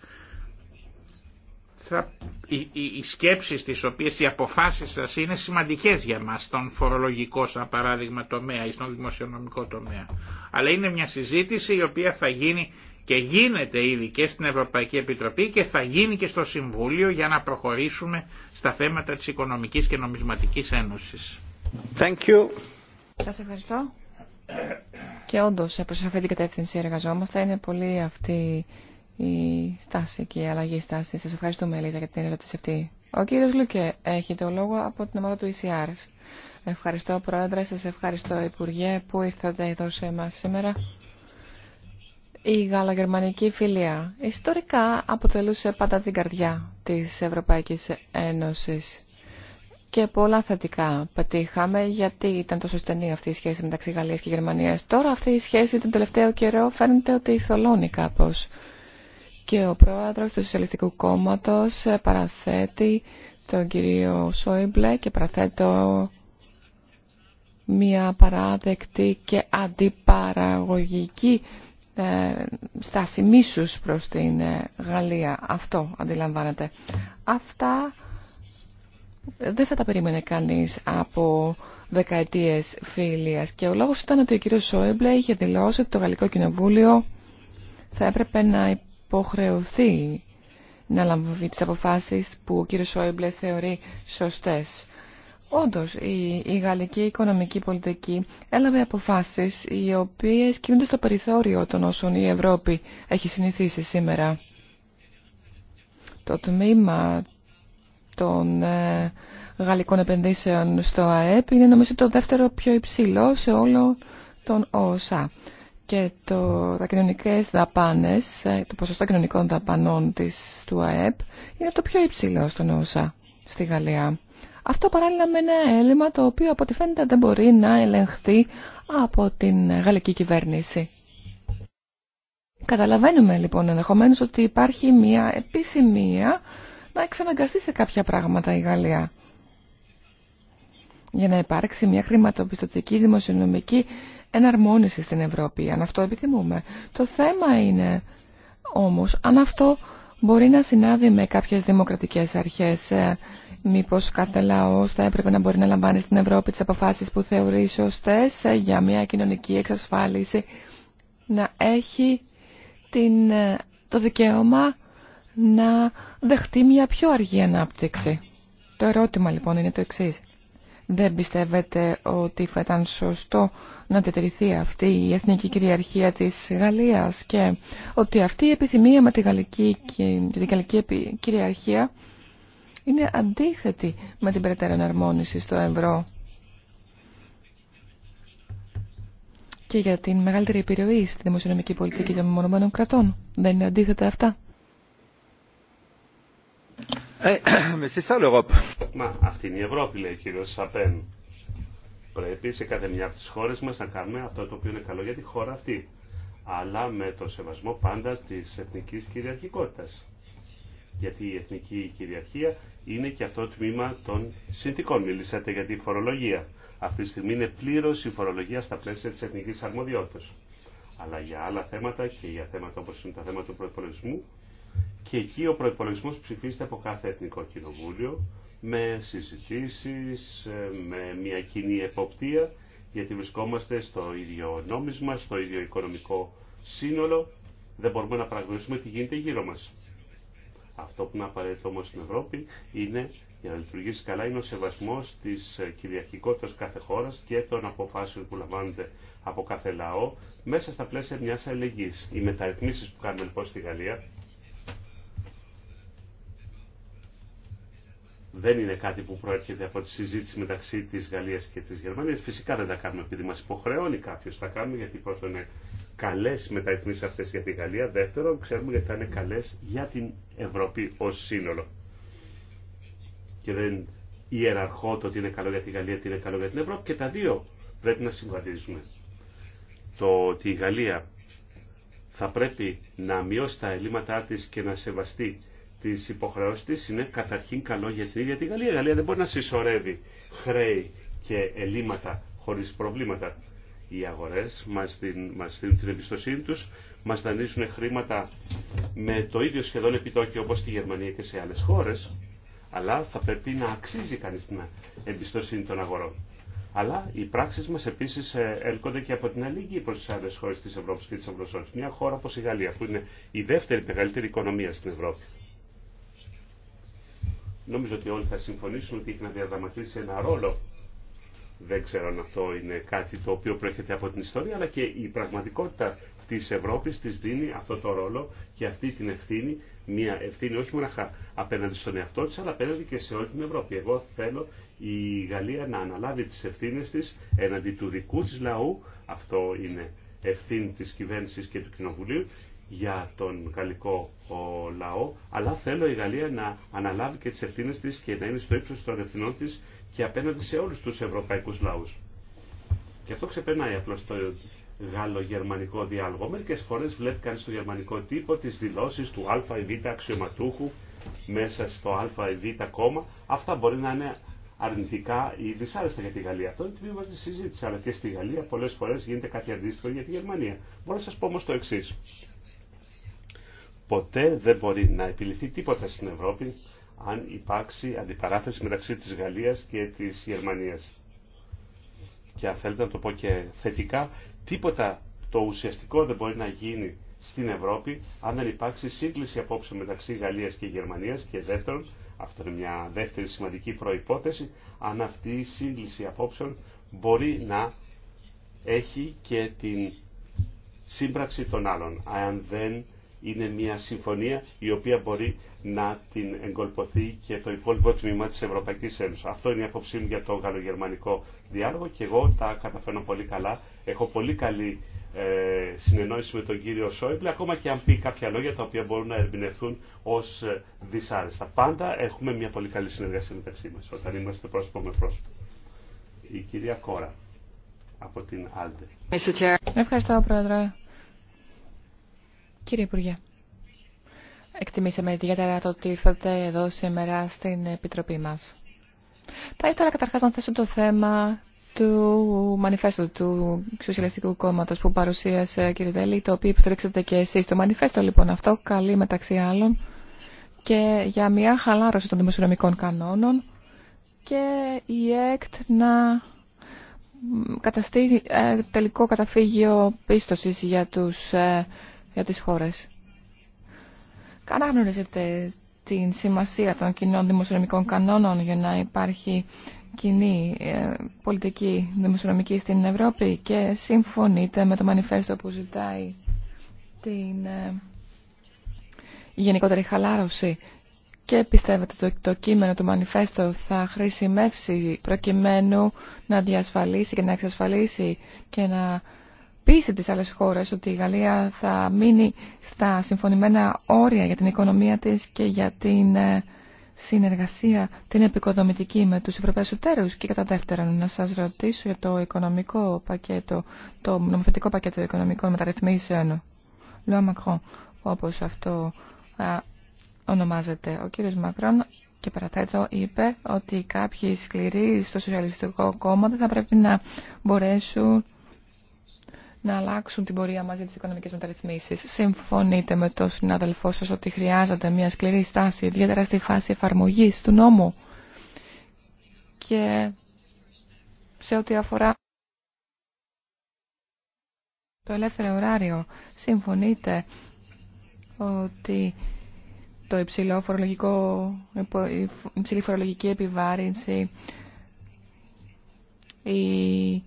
οι, οι σκέψεις τις οποίες οι αποφάσεις σας είναι σημαντικές για μας στον φορολογικό σαν παράδειγμα τομέα ή στον δημοσιονομικό τομέα. Αλλά είναι μια συζήτηση η οποία θα γίνει και γίνεται ήδη και στην Ευρωπαϊκή Επιτροπή και θα γίνει και στο Συμβούλιο για να προχωρήσουμε στα θέματα της Οικονομικής και Νομισματικής Ένωσης. Thank ευχαριστώ. Και όντως προς αυτήν την κατεύθυνση εργαζόμαστε. Είναι πολύ αυτή η στάση και η αλλαγή στάση. Σας ευχαριστούμε, Ελίζα, για την ερώτηση αυτή. Ο κύριος Λουκέ έχει το λόγο από την ομάδα του ECR. Ευχαριστώ, Πρόεδρε. Σας ευχαριστώ, Υπουργέ, που ήρθατε εδώ σε εμάς σήμερα. Η γαλλογερμανική φιλία ιστορικά αποτελούσε πάντα την καρδιά της Ευρωπαϊκής Ένωσης και πολλά θετικά πετύχαμε γιατί ήταν τόσο στενή αυτή η σχέση μεταξύ Γαλλίας και Γερμανίας. Τώρα αυτή η σχέση τον τελευταίο καιρό φαίνεται ότι θολώνει κάπως και ο πρόεδρος του Σοσιαλιστικού Κόμματος ε, παραθέτει τον κύριο Σόιμπλε και παραθέτω μια παράδεκτη και αντιπαραγωγική ε, στάση μίσους προς την ε, Γαλλία. Αυτό αντιλαμβάνεται. Αυτά δεν θα τα περίμενε κανείς από δεκαετίες φίλιας. Και ο λόγος ήταν ότι ο κύριος Σόιμπλε είχε δηλώσει ότι το Γαλλικό Κοινοβούλιο θα έπρεπε να υποχρεωθεί να λαμβάνει τις αποφάσεις που ο κ. Σόιμπλε θεωρεί σωστές. Όντως, η, γαλλική οικονομική πολιτική έλαβε αποφάσεις οι οποίες κινούνται στο περιθώριο των όσων η Ευρώπη έχει συνηθίσει σήμερα. Το τμήμα των ε, γαλλικών επενδύσεων στο ΑΕΠ είναι νομίζω το δεύτερο πιο υψηλό σε όλο τον ΟΣΑ και το, τα κοινωνικές δαπάνες, ε, το ποσοστό κοινωνικών δαπανών της, του ΑΕΠ είναι το πιο υψηλό στον ΩΣΑ στη Γαλλία. Αυτό παράλληλα με ένα έλλειμμα το οποίο από ό,τι φαίνεται δεν μπορεί να ελεγχθεί από την γαλλική κυβέρνηση. Καταλαβαίνουμε λοιπόν ενδεχομένως ότι υπάρχει μια επιθυμία να εξαναγκαστεί σε κάποια πράγματα η Γαλλία για να υπάρξει μια χρηματοπιστωτική δημοσιονομική εναρμόνιση στην Ευρώπη, αν αυτό επιθυμούμε. Το θέμα είναι όμως αν αυτό μπορεί να συνάδει με κάποιες δημοκρατικές αρχές. Ε, μήπως κάθε λαός θα έπρεπε να μπορεί να λαμβάνει στην Ευρώπη τις αποφάσεις που θεωρεί σωστές ε, για μια κοινωνική εξασφάλιση να έχει την, ε, το δικαίωμα να δεχτεί μια πιο αργή ανάπτυξη. Το ερώτημα λοιπόν είναι το εξής δεν πιστεύετε ότι θα ήταν σωστό να τετριθεί αυτή η εθνική κυριαρχία της Γαλλίας και ότι αυτή η επιθυμία με τη γαλλική, και γαλλική κυριαρχία είναι αντίθετη με την περαιτέρω εναρμόνιση στο ευρώ και για την μεγαλύτερη επιρροή στη δημοσιονομική πολιτική των μονομένων κρατών. Δεν είναι αντίθετα αυτά. Ε, [coughs] μα αυτή είναι η Ευρώπη, λέει ο κύριο Σαπέν. Πρέπει σε κάθε μια από τι χώρε μα να κάνουμε αυτό το οποίο είναι καλό για τη χώρα αυτή. Αλλά με το σεβασμό πάντα τη εθνική κυριαρχικότητα. Γιατί η εθνική κυριαρχία είναι και αυτό το τμήμα των συνθήκων. Μιλήσατε για τη φορολογία. Αυτή τη στιγμή είναι πλήρω η φορολογία στα πλαίσια τη εθνική αρμοδιότητα. Αλλά για άλλα θέματα και για θέματα όπω είναι τα θέματα του προπολογισμού και εκεί ο προπολογισμό ψηφίζεται από κάθε εθνικό κοινοβούλιο με συζητήσει, ε, με μια κοινή εποπτεία γιατί βρισκόμαστε στο ίδιο νόμισμα, στο ίδιο οικονομικό σύνολο δεν μπορούμε να παραγνωρίσουμε τι γίνεται γύρω μα. Αυτό που είναι απαραίτητο όμω στην Ευρώπη είναι για να λειτουργήσει καλά είναι ο σεβασμός τη ε, κυριαρχικότητα κάθε χώρα και των αποφάσεων που λαμβάνονται από κάθε λαό μέσα στα πλαίσια μια αλληλεγγύη. Οι μεταρρυθμίσει που κάνουμε λοιπόν στη Γαλλία δεν είναι κάτι που προέρχεται από τη συζήτηση μεταξύ τη Γαλλία και τη Γερμανία. Φυσικά δεν τα κάνουμε επειδή μα υποχρεώνει κάποιο. Τα κάνουμε γιατί πρώτον είναι καλέ μεταρρυθμίσει αυτέ για τη Γαλλία. Δεύτερον, ξέρουμε γιατί θα είναι καλέ για την Ευρώπη ω σύνολο. Και δεν ιεραρχώ το ότι είναι καλό για τη Γαλλία, τι είναι καλό για την Ευρώπη. Και τα δύο πρέπει να συμβαδίζουν. Το ότι η Γαλλία θα πρέπει να μειώσει τα ελλείμματά της και να σεβαστεί τι υποχρεώσει τη είναι καταρχήν καλό για την ίδια τη Γαλλία. Η Γαλλία δεν μπορεί να συσσωρεύει χρέη και ελλείμματα χωρί προβλήματα. Οι αγορέ μα την, δίνουν την εμπιστοσύνη του, μα δανείζουν χρήματα με το ίδιο σχεδόν επιτόκιο όπω στη Γερμανία και σε άλλε χώρε, αλλά θα πρέπει να αξίζει κανεί την εμπιστοσύνη των αγορών. Αλλά οι πράξει μα επίση ε, έρχονται και από την αλληλεγγύη προ τι άλλε χώρε τη Ευρώπη και τη Ευρωζώνη. Μια χώρα όπω η Γαλλία, που είναι η δεύτερη μεγαλύτερη οικονομία στην Ευρώπη. Νομίζω ότι όλοι θα συμφωνήσουν ότι έχει να διαδραματίσει ένα ρόλο. Δεν ξέρω αν αυτό είναι κάτι το οποίο προέρχεται από την ιστορία, αλλά και η πραγματικότητα τη Ευρώπη τη δίνει αυτό το ρόλο και αυτή την ευθύνη, μια ευθύνη όχι μόνο απέναντι στον εαυτό τη, αλλά απέναντι και σε όλη την Ευρώπη. Εγώ θέλω η Γαλλία να αναλάβει τι ευθύνε τη, έναντι του δικού τη λαού, αυτό είναι ευθύνη τη κυβέρνηση και του Κοινοβουλίου για τον γαλλικό λαό, αλλά θέλω η Γαλλία να αναλάβει και τις ευθύνε της και να είναι στο ύψο των ευθυνών τη και απέναντι σε όλους τους ευρωπαϊκούς λαούς. Και αυτό ξεπερνάει απλώ το γαλλο-γερμανικό διάλογο. Μερικές φορέ βλέπει κανεί στο γερμανικό τύπο τις δηλώσεις του α ή β αξιωματούχου μέσα στο α ή β κόμμα. Αυτά μπορεί να είναι αρνητικά ή δυσάρεστα για τη Γαλλία. Αυτό είναι το τμήμα τη συζήτηση. Αλλά και στη Γαλλία πολλέ φορέ γίνεται κάτι αντίστοιχο για τη Γερμανία. Μπορώ να σα πω όμω το εξή ποτέ δεν μπορεί να επιληθεί τίποτα στην Ευρώπη αν υπάρξει αντιπαράθεση μεταξύ της Γαλλίας και της Γερμανίας. Και αν θέλετε να το πω και θετικά, τίποτα το ουσιαστικό δεν μπορεί να γίνει στην Ευρώπη αν δεν υπάρξει σύγκληση απόψε μεταξύ Γαλλίας και Γερμανίας και δεύτερον, αυτό είναι μια δεύτερη σημαντική προϋπόθεση, αν αυτή η σύγκληση απόψεων μπορεί να έχει και την σύμπραξη των άλλων. Αν δεν είναι μια συμφωνία η οποία μπορεί να την εγκολποθεί και το υπόλοιπο τμήμα της Ευρωπαϊκής Ένωσης. Αυτό είναι η απόψή μου για το γαλλογερμανικό διάλογο και εγώ τα καταφέρνω πολύ καλά. Έχω πολύ καλή ε, συνεννόηση με τον κύριο Σόιμπλε, ακόμα και αν πει κάποια λόγια τα οποία μπορούν να ερμηνευθούν ως ε, δυσάρεστα. Πάντα έχουμε μια πολύ καλή συνεργασία μεταξύ μα. όταν είμαστε πρόσωπο με πρόσωπο. Η κυρία Κόρα από την Άλτε. Ευχαριστώ, Πρόεδρε. Κύριε Υπουργέ, εκτιμήσαμε ιδιαίτερα το ότι ήρθατε εδώ σήμερα στην Επιτροπή μας. Θα ήθελα καταρχάς να θέσω το θέμα του μανιφέστο του Σοσιαλιστικού Κόμματος που παρουσίασε κύριε Δέλη, το οποίο υποστηρίξατε και εσείς. Το μανιφέστο λοιπόν αυτό καλεί μεταξύ άλλων και για μια χαλάρωση των δημοσιονομικών κανόνων και η ΕΚΤ να καταστεί ε, τελικό καταφύγιο πίστοσης για τους ε, για τις χώρες. Καταγνωρίζετε την σημασία των κοινών δημοσιονομικών κανόνων για να υπάρχει κοινή ε, πολιτική δημοσιονομική στην Ευρώπη και συμφωνείτε με το μανιφέστο που ζητάει την ε, γενικότερη χαλάρωση και πιστεύετε ότι το, το κείμενο του μανιφέστο θα χρησιμεύσει προκειμένου να διασφαλίσει και να εξασφαλίσει και να πείσει τις άλλες χώρες ότι η Γαλλία θα μείνει στα συμφωνημένα όρια για την οικονομία της και για την ε, συνεργασία την επικοδομητική με τους Ευρωπαίους εταίρους και κατά δεύτερον να σας ρωτήσω για το οικονομικό πακέτο, το νομοθετικό πακέτο οικονομικών μεταρρυθμίσεων Λουά Μακρόν, όπως αυτό α, ονομάζεται ο κύριος Μακρόν και παραθέτω είπε ότι κάποιοι σκληροί στο Σοσιαλιστικό Κόμμα δεν θα πρέπει να μπορέσουν να αλλάξουν την πορεία μαζί τις οικονομικές μεταρρυθμίσεις. Συμφωνείτε με τον συνάδελφό σας ότι χρειάζεται μια σκληρή στάση, ιδιαίτερα στη φάση εφαρμογής του νόμου και σε ό,τι αφορά το ελεύθερο ωράριο. Συμφωνείτε ότι το υψηλό φορολογικό, η υψηλή φορολογική επιβάρυνση, η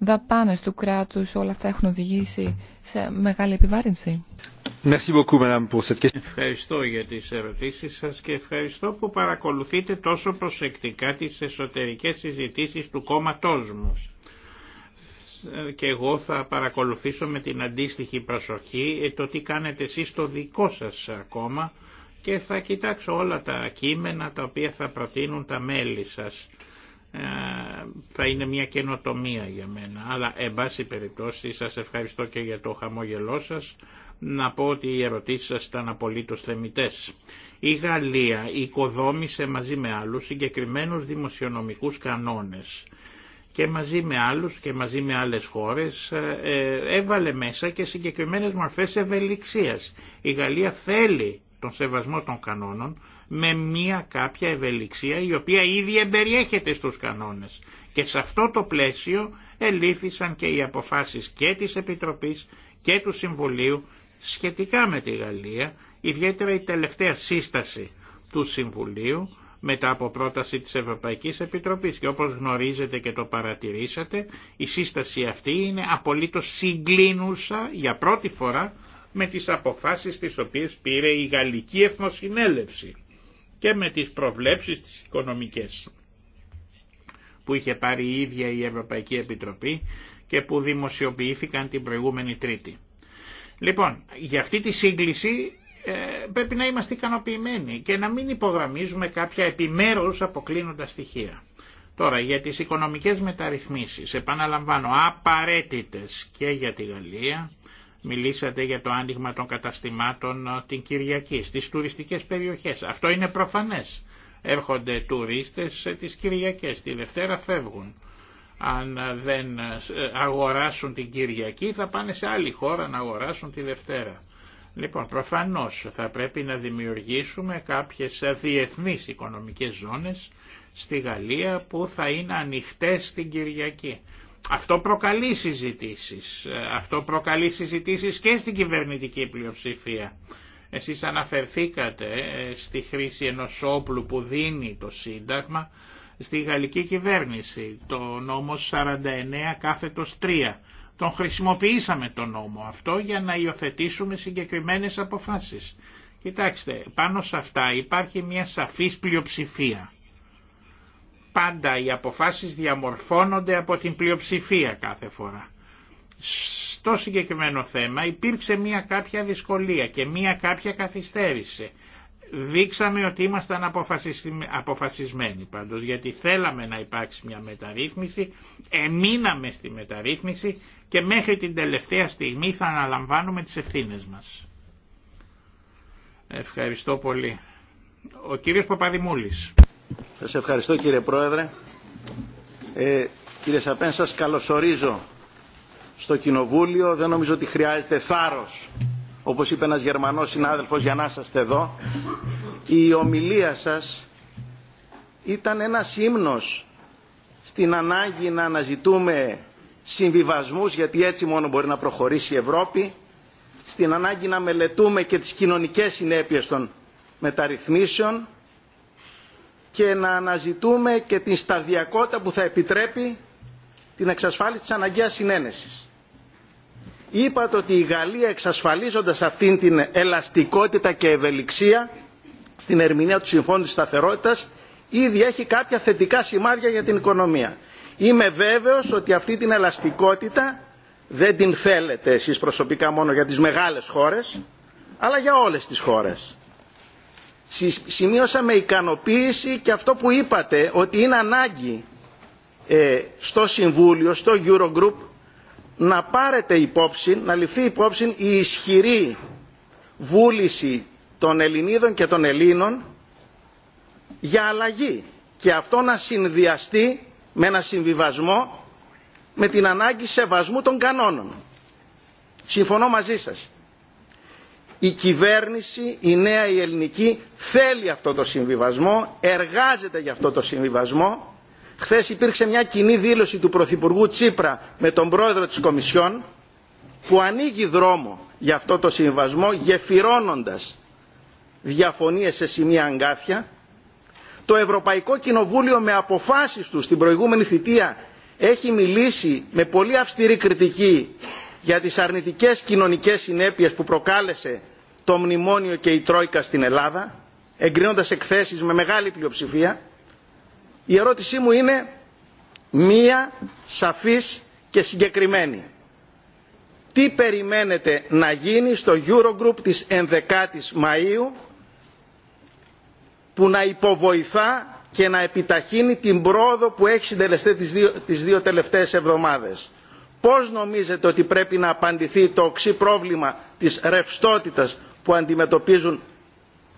Δαπάνε του κράτου, όλα αυτά έχουν οδηγήσει σε μεγάλη επιβάρυνση. Ευχαριστώ για τι ερωτήσει σα και ευχαριστώ που παρακολουθείτε τόσο προσεκτικά τις εσωτερικές συζητήσεις του κόμματο. μου. Και εγώ θα παρακολουθήσω με την αντίστοιχη προσοχή το τι κάνετε εσείς στο δικό σας κόμμα και θα κοιτάξω όλα τα κείμενα τα οποία θα προτείνουν τα μέλη σας. Ε, θα είναι μια καινοτομία για μένα. Αλλά εν πάση περιπτώσει σας ευχαριστώ και για το χαμόγελό σας. Να πω ότι οι ερωτήσεις σας ήταν απολύτως θεμητές. Η Γαλλία οικοδόμησε μαζί με άλλους συγκεκριμένους δημοσιονομικούς κανόνες και μαζί με άλλους και μαζί με άλλες χώρες ε, ε, έβαλε μέσα και συγκεκριμένες μορφές ευελιξίας. Η Γαλλία θέλει τον σεβασμό των κανόνων, με μια κάποια ευελιξία η οποία ήδη εμπεριέχεται στους κανόνες. Και σε αυτό το πλαίσιο ελήφθησαν και οι αποφάσεις και της Επιτροπής και του Συμβουλίου σχετικά με τη Γαλλία, ιδιαίτερα η τελευταία σύσταση του Συμβουλίου μετά από πρόταση της Ευρωπαϊκής Επιτροπής και όπως γνωρίζετε και το παρατηρήσατε η σύσταση αυτή είναι απολύτως συγκλίνουσα για πρώτη φορά με τις αποφάσεις τις οποίες πήρε η Γαλλική Εθνοσυνέλευση και με τις προβλέψεις τις οικονομικές που είχε πάρει η ίδια η Ευρωπαϊκή Επιτροπή και που δημοσιοποιήθηκαν την προηγούμενη Τρίτη. Λοιπόν, για αυτή τη σύγκληση ε, πρέπει να είμαστε ικανοποιημένοι και να μην υπογραμμίζουμε κάποια επιμέρους αποκλίνοντα στοιχεία. Τώρα για τις οικονομικές μεταρρυθμίσεις, επαναλαμβάνω, απαραίτητες και για τη Γαλλία, Μιλήσατε για το άνοιγμα των καταστημάτων ε, την Κυριακή, στις τουριστικές περιοχές. Αυτό είναι προφανές. Έρχονται τουρίστες ε, τις Κυριακές, τη Δευτέρα φεύγουν. Αν ε, δεν αγοράσουν την Κυριακή θα πάνε σε άλλη χώρα να αγοράσουν τη Δευτέρα. Λοιπόν, προφανώς θα πρέπει να δημιουργήσουμε κάποιες διεθνείς οικονομικές ζώνες στη Γαλλία που θα είναι ανοιχτές την Κυριακή. Αυτό προκαλεί συζητήσεις. Ε, αυτό προκαλεί συζητήσεις και στην κυβερνητική πλειοψηφία. Εσείς αναφερθήκατε ε, στη χρήση ενό όπλου που δίνει το Σύνταγμα στη γαλλική κυβέρνηση, το νόμο 49 κάθετος 3. Τον χρησιμοποιήσαμε τον νόμο αυτό για να υιοθετήσουμε συγκεκριμένες αποφάσεις. Κοιτάξτε, πάνω σε αυτά υπάρχει μια σαφής πλειοψηφία πάντα οι αποφάσεις διαμορφώνονται από την πλειοψηφία κάθε φορά. Στο συγκεκριμένο θέμα υπήρξε μία κάποια δυσκολία και μία κάποια καθυστέρηση. Δείξαμε ότι ήμασταν αποφασισμένοι πάντως γιατί θέλαμε να υπάρξει μια μεταρρύθμιση, εμείναμε στη μεταρρύθμιση και μέχρι την τελευταία στιγμή θα αναλαμβάνουμε τις ευθύνες μας. Ευχαριστώ πολύ. Ο κύριος Παπαδημούλης. Σας ευχαριστώ κύριε Πρόεδρε. Ε, κύριε Σαπέν, σας καλωσορίζω στο Κοινοβούλιο. Δεν νομίζω ότι χρειάζεται θάρρος, όπως είπε ένας Γερμανός συνάδελφος, για να είσαστε εδώ. Η ομιλία σας ήταν ένα ύμνος στην ανάγκη να αναζητούμε συμβιβασμούς, γιατί έτσι μόνο μπορεί να προχωρήσει η Ευρώπη, στην ανάγκη να μελετούμε και τις κοινωνικές συνέπειες των μεταρρυθμίσεων, και να αναζητούμε και την σταδιακότητα που θα επιτρέπει την εξασφάλιση της αναγκαίας συνένεσης. Είπατε ότι η Γαλλία εξασφαλίζοντας αυτήν την ελαστικότητα και ευελιξία στην ερμηνεία του Συμφώνου της Σταθερότητας ήδη έχει κάποια θετικά σημάδια για την οικονομία. Είμαι βέβαιος ότι αυτή την ελαστικότητα δεν την θέλετε εσείς προσωπικά μόνο για τις μεγάλες χώρες αλλά για όλες τις χώρες σημείωσα με ικανοποίηση και αυτό που είπατε ότι είναι ανάγκη ε, στο Συμβούλιο, στο Eurogroup να πάρετε υπόψη, να ληφθεί υπόψη η ισχυρή βούληση των Ελληνίδων και των Ελλήνων για αλλαγή και αυτό να συνδυαστεί με ένα συμβιβασμό με την ανάγκη σεβασμού των κανόνων. Συμφωνώ μαζί σας η κυβέρνηση, η νέα η ελληνική θέλει αυτό το συμβιβασμό, εργάζεται για αυτό το συμβιβασμό. χθες υπήρξε μια κοινή δήλωση του Πρωθυπουργού Τσίπρα με τον πρόεδρο της Κομισιόν που ανοίγει δρόμο για αυτό το συμβιβασμό γεφυρώνοντας διαφωνίες σε σημεία αγκάθια. Το Ευρωπαϊκό Κοινοβούλιο με αποφάσεις του στην προηγούμενη θητεία έχει μιλήσει με πολύ αυστηρή κριτική για τις αρνητικές κοινωνικές συνέπειες που προκάλεσε το μνημόνιο και η τρόικα στην ελλάδα εγκρίνοντας εκθέσεις με μεγάλη πλειοψηφία η ερώτησή μου είναι μία σαφής και συγκεκριμένη τι περιμένετε να γίνει στο Eurogroup της 11ης Μαΐου που να υποβοηθά και να επιταχύνει την πρόοδο που έχει συντελεστεί τις δύο, τις δύο τελευταίες εβδομάδες. Πώς νομίζετε ότι πρέπει να απαντηθεί το οξύ πρόβλημα της ρευστότητας που αντιμετωπίζουν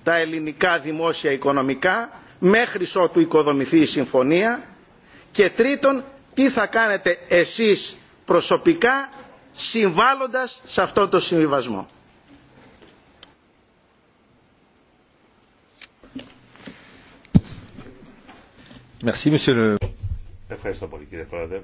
τα ελληνικά δημόσια οικονομικά μέχρι ότου οικοδομηθεί η συμφωνία και τρίτον τι θα κάνετε εσείς προσωπικά συμβάλλοντας σε αυτό το συμβιβασμό. Ευχαριστώ πολύ κύριε Πρόεδρε.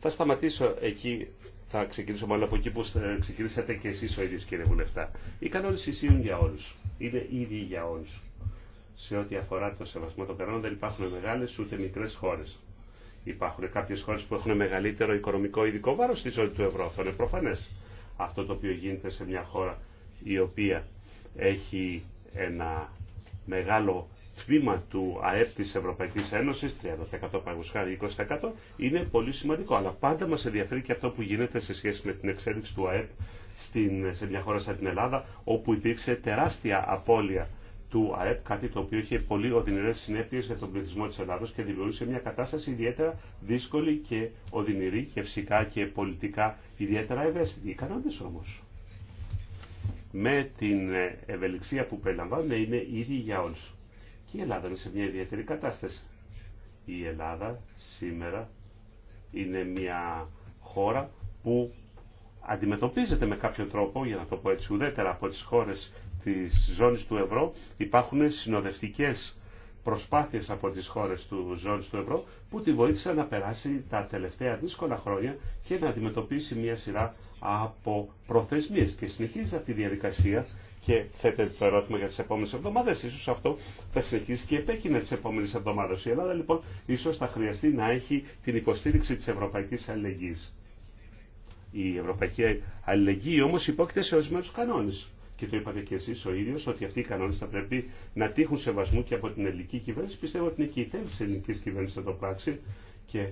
Θα σταματήσω εκεί θα ξεκινήσω μάλλον από εκεί που ε, ξεκινήσατε και εσείς ο ίδιος κύριε Βουλευτά. Οι κανόνες ισχύουν για όλους. Είναι ήδη για όλους. Σε ό,τι αφορά το σεβασμό των κανόνων δεν υπάρχουν μεγάλες ούτε μικρές χώρες. Υπάρχουν κάποιες χώρες που έχουν μεγαλύτερο οικονομικό ειδικό βάρος στη ζωή του ευρώ. Αυτό είναι προφανές. Αυτό το οποίο γίνεται σε μια χώρα η οποία έχει ένα μεγάλο τμήμα του ΑΕΠ τη Ευρωπαϊκή Ένωση, 30% ή 20% είναι πολύ σημαντικό. Αλλά πάντα μα ενδιαφέρει και αυτό που γίνεται σε σχέση με την εξέλιξη του ΑΕΠ στην, σε μια χώρα σαν την Ελλάδα, όπου υπήρξε τεράστια απώλεια του ΑΕΠ, κάτι το οποίο είχε πολύ οδυνηρέ συνέπειε για τον πληθυσμό τη Ελλάδος και δημιούργησε μια κατάσταση ιδιαίτερα δύσκολη και οδυνηρή και φυσικά και πολιτικά ιδιαίτερα ευαίσθητη. Οι όμω. με την ευελιξία που περιλαμβάνουν είναι ήδη για όλου. Και η Ελλάδα είναι σε μια ιδιαίτερη κατάσταση. Η Ελλάδα σήμερα είναι μια χώρα που αντιμετωπίζεται με κάποιο τρόπο, για να το πω έτσι ουδέτερα από τις χώρες της ζώνης του ευρώ, υπάρχουν συνοδευτικές προσπάθειες από τις χώρες του ζώνης του ευρώ που τη βοήθησαν να περάσει τα τελευταία δύσκολα χρόνια και να αντιμετωπίσει μια σειρά από προθεσμίες και συνεχίζει αυτή η διαδικασία και θέτεται το ερώτημα για τι επόμενε εβδομάδε. Ίσως αυτό θα συνεχίσει και επέκεινα τις επόμενε εβδομάδες. Η Ελλάδα λοιπόν ίσω θα χρειαστεί να έχει την υποστήριξη τη ευρωπαϊκή Αλληλεγγύη. Η ευρωπαϊκή αλληλεγγύη όμω υπόκειται σε ορισμένου κανόνε. Και το είπατε και εσεί ο ίδιο ότι αυτοί οι κανόνε θα πρέπει να τύχουν σεβασμού και από την ελληνική κυβέρνηση. Πιστεύω ότι είναι και η θέληση τη ελληνική κυβέρνηση να το πράξει και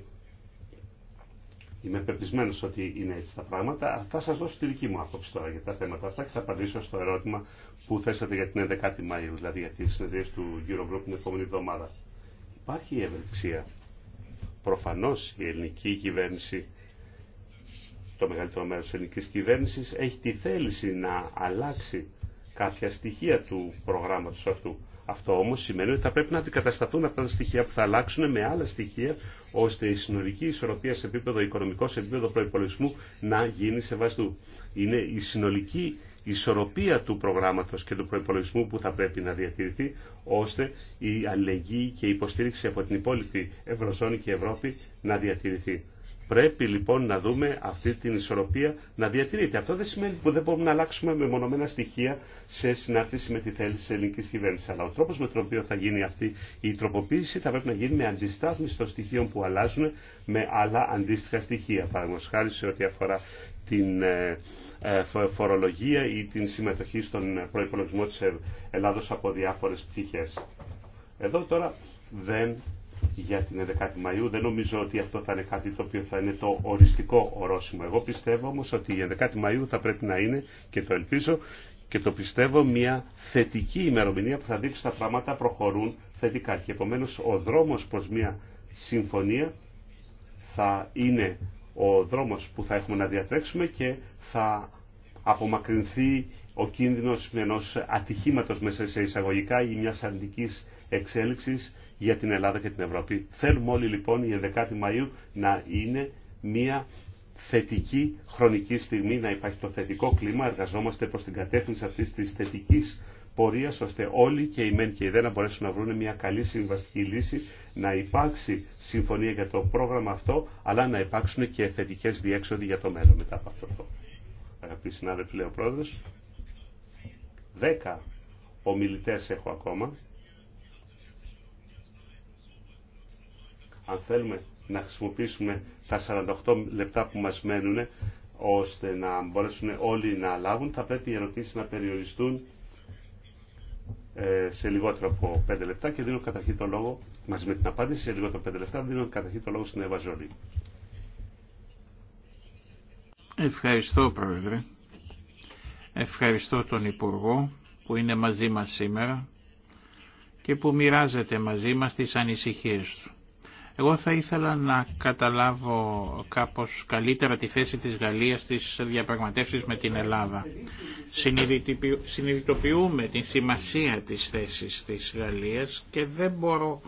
Είμαι πεπισμένο ότι είναι έτσι τα πράγματα. Θα σα δώσω τη δική μου άποψη τώρα για τα θέματα αυτά και θα απαντήσω στο ερώτημα που θέσατε για την 11η Μαου, δηλαδή για τι συνεδρίε του Eurogroup την επόμενη εβδομάδα. Υπάρχει η ευελιξία. Προφανώ η ελληνική κυβέρνηση, το μεγαλύτερο μέρο τη ελληνική κυβέρνηση, έχει τη θέληση να αλλάξει κάποια στοιχεία του προγράμματο αυτού. Αυτό όμως σημαίνει ότι θα πρέπει να αντικατασταθούν αυτά τα στοιχεία που θα αλλάξουν με άλλα στοιχεία ώστε η συνολική ισορροπία σε επίπεδο οικονομικό, σε επίπεδο προπολογισμού να γίνει σε Είναι η συνολική ισορροπία του προγράμματος και του προπολογισμού που θα πρέπει να διατηρηθεί ώστε η αλληλεγγύη και η υποστήριξη από την υπόλοιπη Ευρωζώνη και Ευρώπη να διατηρηθεί. Πρέπει λοιπόν να δούμε αυτή την ισορροπία να διατηρείται. Αυτό δεν σημαίνει που δεν μπορούμε να αλλάξουμε με μονομένα στοιχεία σε συνάρτηση με τη θέληση τη ελληνική κυβέρνηση. Αλλά ο τρόπο με τον οποίο θα γίνει αυτή η τροποποίηση θα πρέπει να γίνει με αντιστάθμιση των στοιχείων που αλλάζουν με άλλα αντίστοιχα στοιχεία. Παραδείγματο σε ό,τι αφορά την ε, ε, φορολογία ή την συμμετοχή στον προπολογισμό τη ε-, Ελλάδο από διάφορε πτυχέ. Εδώ τώρα δεν για την 11η Μαΐου. Δεν νομίζω ότι αυτό θα είναι κάτι το οποίο θα είναι το οριστικό ορόσημο. Εγώ πιστεύω όμως ότι η 11η Μαΐου θα πρέπει να είναι και το ελπίζω και το πιστεύω μια θετική ημερομηνία που θα δείξει τα πράγματα προχωρούν θετικά και επομένως ο δρόμος προς μια συμφωνία θα είναι ο δρόμος που θα έχουμε να διατρέξουμε και θα απομακρυνθεί ο κίνδυνο ενό ατυχήματο μέσα σε εισαγωγικά ή μια αρνητική εξέλιξη για την Ελλάδα και την Ευρώπη. Θέλουμε όλοι λοιπόν η 11η Μαΐου να είναι μια θετική χρονική στιγμή, να υπάρχει το θετικό κλίμα, εργαζόμαστε προς την κατεύθυνση αυτή τη θετική πορείας, ώστε όλοι και οι μεν και οι δε να μπορέσουν να βρουν μια καλή συμβαστική λύση, να υπάρξει συμφωνία για το πρόγραμμα αυτό, αλλά να υπάρξουν και θετικές διέξοδοι για το μέλλον μετά από αυτό. Αγαπητοί συνάδελφοι, λέει ο Πρόεδρος. Δέκα ομιλητές έχω ακόμα. Αν θέλουμε να χρησιμοποιήσουμε τα 48 λεπτά που μας μένουν, ώστε να μπορέσουν όλοι να λάβουν, θα πρέπει οι ερωτήσεις να περιοριστούν ε, σε λιγότερο από 5 λεπτά και δίνω καταρχήν το λόγο, μαζί με την απάντηση, σε λιγότερο από 5 λεπτά, δίνω καταρχήν το λόγο στην Εύα Ευχαριστώ, Πρόεδρε. Ευχαριστώ τον Υπουργό που είναι μαζί μας σήμερα και που μοιράζεται μαζί μας τις ανησυχίες του. Εγώ θα ήθελα να καταλάβω κάπως καλύτερα τη θέση της Γαλλίας στις διαπραγματεύσεις με την Ελλάδα. Συνειδητοποιούμε την σημασία της θέσης της Γαλλίας και δεν μπορώ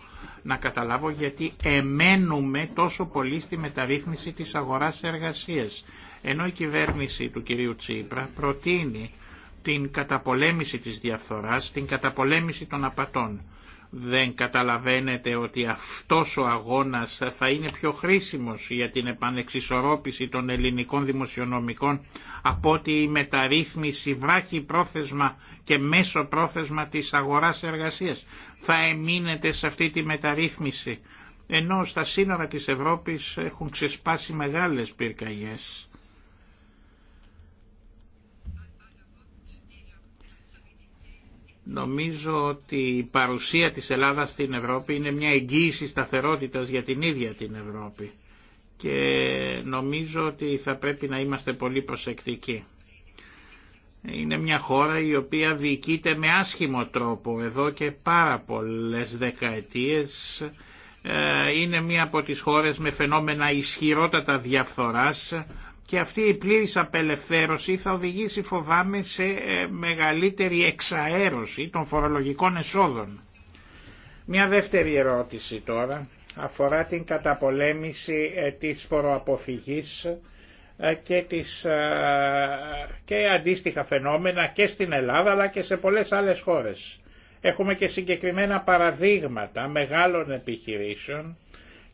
να καταλάβω γιατί εμένουμε τόσο πολύ στη μεταρρύθμιση της αγοράς εργασίας. Ενώ η κυβέρνηση του κυρίου Τσίπρα προτείνει την καταπολέμηση της διαφθοράς, την καταπολέμηση των απατών. Δεν καταλαβαίνετε ότι αυτός ο αγώνας θα είναι πιο χρήσιμος για την επανεξισορρόπηση των ελληνικών δημοσιονομικών από ότι η μεταρρύθμιση βράχει πρόθεσμα και μέσο πρόθεσμα της αγοράς εργασίας. Θα εμείνετε σε αυτή τη μεταρρύθμιση, ενώ στα σύνορα της Ευρώπης έχουν ξεσπάσει μεγάλες πυρκαγιές Νομίζω ότι η παρουσία της Ελλάδας στην Ευρώπη είναι μια εγγύηση σταθερότητας για την ίδια την Ευρώπη και νομίζω ότι θα πρέπει να είμαστε πολύ προσεκτικοί. Είναι μια χώρα η οποία διοικείται με άσχημο τρόπο εδώ και πάρα πολλές δεκαετίες. Ε, είναι μια από τις χώρες με φαινόμενα ισχυρότατα διαφθοράς και αυτή η πλήρης απελευθέρωση θα οδηγήσει φοβάμαι σε ε, μεγαλύτερη εξαέρωση των φορολογικών εσόδων. Μια δεύτερη ερώτηση τώρα αφορά την καταπολέμηση ε, της φοροαποφυγής ε, και, της, και αντίστοιχα φαινόμενα και στην Ελλάδα αλλά και σε πολλές άλλες χώρες. Έχουμε και συγκεκριμένα παραδείγματα μεγάλων επιχειρήσεων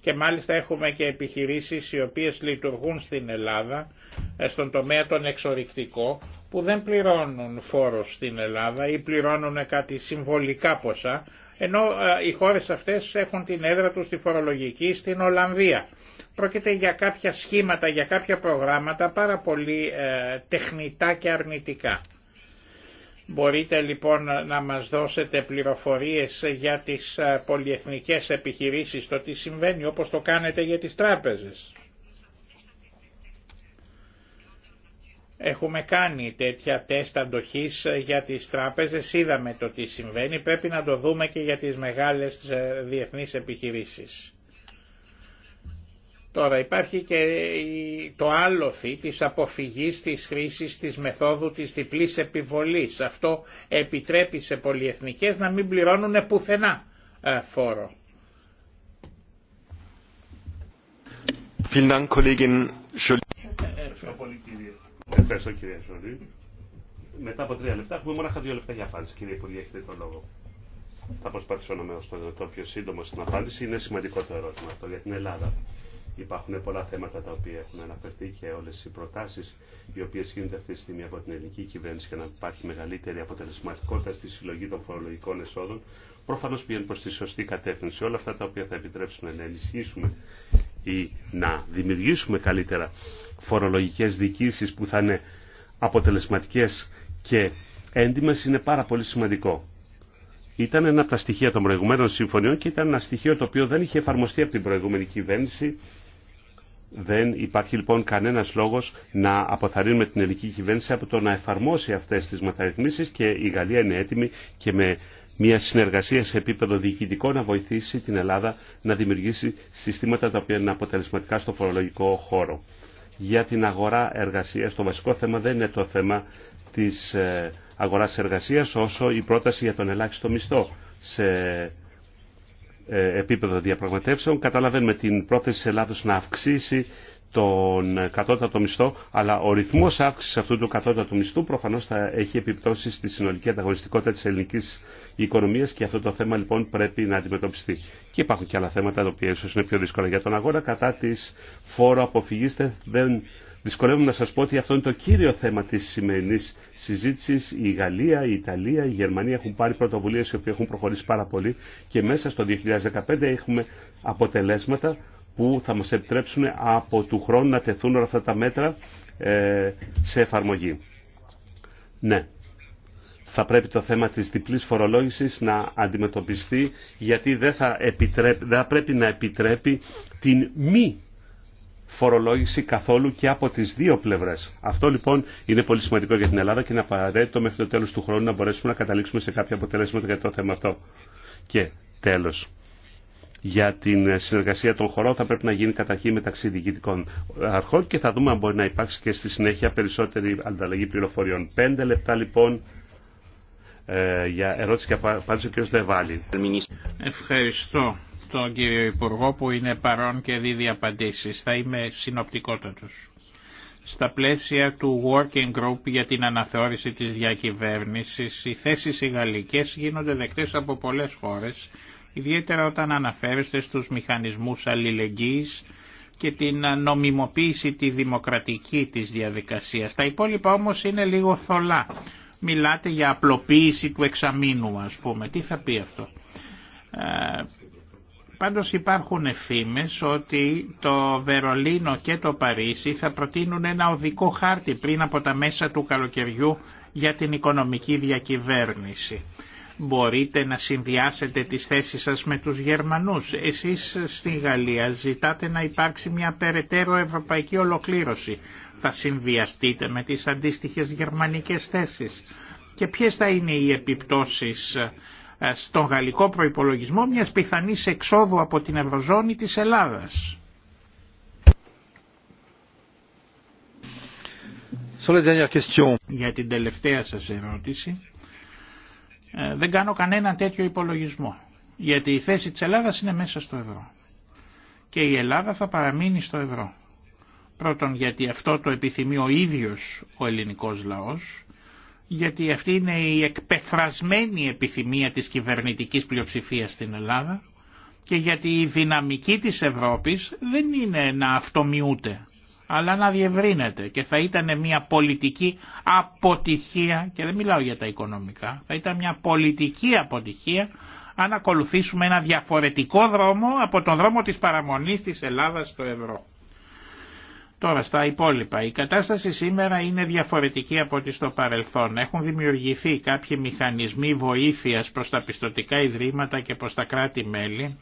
και μάλιστα έχουμε και επιχειρήσεις οι οποίες λειτουργούν στην Ελλάδα ε, στον τομέα τον εξορυκτικό που δεν πληρώνουν φόρο στην Ελλάδα ή πληρώνουν κάτι συμβολικά ποσά ενώ ε, οι χώρες αυτές έχουν την έδρα τους στη φορολογική στην Ολλανδία. Πρόκειται για κάποια σχήματα, για κάποια προγράμματα πάρα πολύ ε, τεχνητά και αρνητικά. Μπορείτε λοιπόν να μας δώσετε πληροφορίες για τις ε, πολυεθνικές επιχειρήσεις, το τι συμβαίνει όπως το κάνετε για τις τράπεζες. Έχουμε κάνει τέτοια τεστ αντοχής ε, για τις τράπεζες, είδαμε το τι συμβαίνει, πρέπει να το δούμε και για τις μεγάλες ε, διεθνείς επιχειρήσεις. Τώρα υπάρχει και το άλοθη της αποφυγής της χρήσης της μεθόδου της διπλής επιβολής. Αυτό επιτρέπει σε πολιεθνικές να μην πληρώνουν πουθενά ε, φόρο. Ευχαριστώ κύριε Σολή. Μετά από τρία λεπτά έχουμε μόνο δύο λεπτά για απάντηση. Κύριε Υπουργέ, έχετε το λόγο. Θα προσπαθήσω να το πιο σύντομο στην απάντηση. Είναι σημαντικό το ερώτημα αυτό για την Ελλάδα. Υπάρχουν πολλά θέματα τα οποία έχουν αναφερθεί και όλε οι προτάσει οι οποίε γίνονται αυτή τη στιγμή από την ελληνική κυβέρνηση για να υπάρχει μεγαλύτερη αποτελεσματικότητα στη συλλογή των φορολογικών εσόδων. Προφανώ πηγαίνουν προ τη σωστή κατεύθυνση. Όλα αυτά τα οποία θα επιτρέψουν να ενισχύσουμε ή να δημιουργήσουμε καλύτερα φορολογικέ διοικήσει που θα είναι αποτελεσματικέ και έντιμε είναι πάρα πολύ σημαντικό ήταν ένα από τα στοιχεία των προηγουμένων συμφωνιών και ήταν ένα στοιχείο το οποίο δεν είχε εφαρμοστεί από την προηγούμενη κυβέρνηση δεν υπάρχει λοιπόν κανένας λόγος να αποθαρρύνουμε την ελληνική κυβέρνηση από το να εφαρμόσει αυτές τις μεταρρυθμίσεις και η Γαλλία είναι έτοιμη και με μια συνεργασία σε επίπεδο διοικητικό να βοηθήσει την Ελλάδα να δημιουργήσει συστήματα τα οποία είναι αποτελεσματικά στο φορολογικό χώρο. Για την αγορά εργασίας το βασικό θέμα δεν είναι το θέμα της ε, αγοράς εργασίας όσο η πρόταση για τον ελάχιστο μισθό σε ε, επίπεδο διαπραγματεύσεων. Καταλαβαίνουμε την πρόθεση της Ελλάδος να αυξήσει τον κατώτατο μισθό, αλλά ο ρυθμός αύξησης αυτού του κατώτατου μισθού προφανώς θα έχει επιπτώσει στη συνολική ανταγωνιστικότητα της ελληνικής οικονομίας και αυτό το θέμα λοιπόν πρέπει να αντιμετωπιστεί. Και υπάρχουν και άλλα θέματα τα οποία ίσως είναι πιο δύσκολα για τον αγώνα κατά της φόρο αποφυγής δεν Δυσκολεύομαι να σας πω ότι αυτό είναι το κύριο θέμα της σημερινής συζήτησης. Η Γαλλία, η Ιταλία, η Γερμανία έχουν πάρει πρωτοβουλίες οι οποίες έχουν προχωρήσει πάρα πολύ και μέσα στο 2015 έχουμε αποτελέσματα που θα μας επιτρέψουν από του χρόνου να τεθούν όλα αυτά τα μέτρα ε, σε εφαρμογή. Ναι, θα πρέπει το θέμα της διπλής φορολόγησης να αντιμετωπιστεί γιατί δεν θα, επιτρέπει, δεν θα πρέπει να επιτρέπει την μη φορολόγηση καθόλου και από τις δύο πλευρές. Αυτό λοιπόν είναι πολύ σημαντικό για την Ελλάδα και είναι απαραίτητο μέχρι το τέλος του χρόνου να μπορέσουμε να καταλήξουμε σε κάποια αποτελέσματα για το θέμα αυτό. Και τέλος. Για την συνεργασία των χωρών θα πρέπει να γίνει καταρχήν μεταξύ διοικητικών αρχών και θα δούμε αν μπορεί να υπάρξει και στη συνέχεια περισσότερη ανταλλαγή πληροφοριών. Πέντε λεπτά λοιπόν ε, για ερώτηση και απάντηση ο κ. Δεβάλη. Ευχαριστώ τον κύριο Υπουργό που είναι παρόν και δίδει απαντήσεις. Θα είμαι συνοπτικότατος. Στα πλαίσια του Working Group για την αναθεώρηση της διακυβέρνησης, οι θέσεις οι γίνονται δεκτές από πολλές χώρες, ιδιαίτερα όταν αναφέρεστε στους μηχανισμούς αλληλεγγύης και την νομιμοποίηση τη δημοκρατική της διαδικασίας. Τα υπόλοιπα όμως είναι λίγο θολά. Μιλάτε για απλοποίηση του εξαμήνου ας πούμε. Τι θα πει αυτό. Ε, Πάντως υπάρχουν φήμες ότι το Βερολίνο και το Παρίσι θα προτείνουν ένα οδικό χάρτη πριν από τα μέσα του καλοκαιριού για την οικονομική διακυβέρνηση. Μπορείτε να συνδυάσετε τις θέσεις σας με τους Γερμανούς. Εσείς στη Γαλλία ζητάτε να υπάρξει μια περαιτέρω ευρωπαϊκή ολοκλήρωση. Θα συνδυαστείτε με τις αντίστοιχες γερμανικές θέσεις. Και ποιες θα είναι οι επιπτώσεις ε, στον γαλλικό προϋπολογισμό μιας πιθανής εξόδου από την Ευρωζώνη της Ελλάδας. Για την τελευταία σας ερώτηση, ε, δεν κάνω κανένα τέτοιο υπολογισμό, γιατί η θέση της Ελλάδας είναι μέσα στο ευρώ. Και η Ελλάδα θα παραμείνει στο ευρώ. Πρώτον γιατί αυτό το επιθυμεί ο ίδιος ο ελληνικός λαός γιατί αυτή είναι η εκπεφρασμένη επιθυμία της κυβερνητικής πλειοψηφίας στην Ελλάδα και γιατί η δυναμική της Ευρώπης δεν είναι να αυτομοιούται αλλά να διευρύνεται και θα ήταν μια πολιτική αποτυχία και δεν μιλάω για τα οικονομικά θα ήταν μια πολιτική αποτυχία αν ακολουθήσουμε ένα διαφορετικό δρόμο από τον δρόμο της παραμονής της Ελλάδας στο ευρώ. Τώρα στα υπόλοιπα. Η κατάσταση σήμερα είναι διαφορετική από ό,τι στο παρελθόν. Έχουν δημιουργηθεί κάποιοι μηχανισμοί βοήθειας προς τα πιστοτικά ιδρύματα και προς τα κράτη-μέλη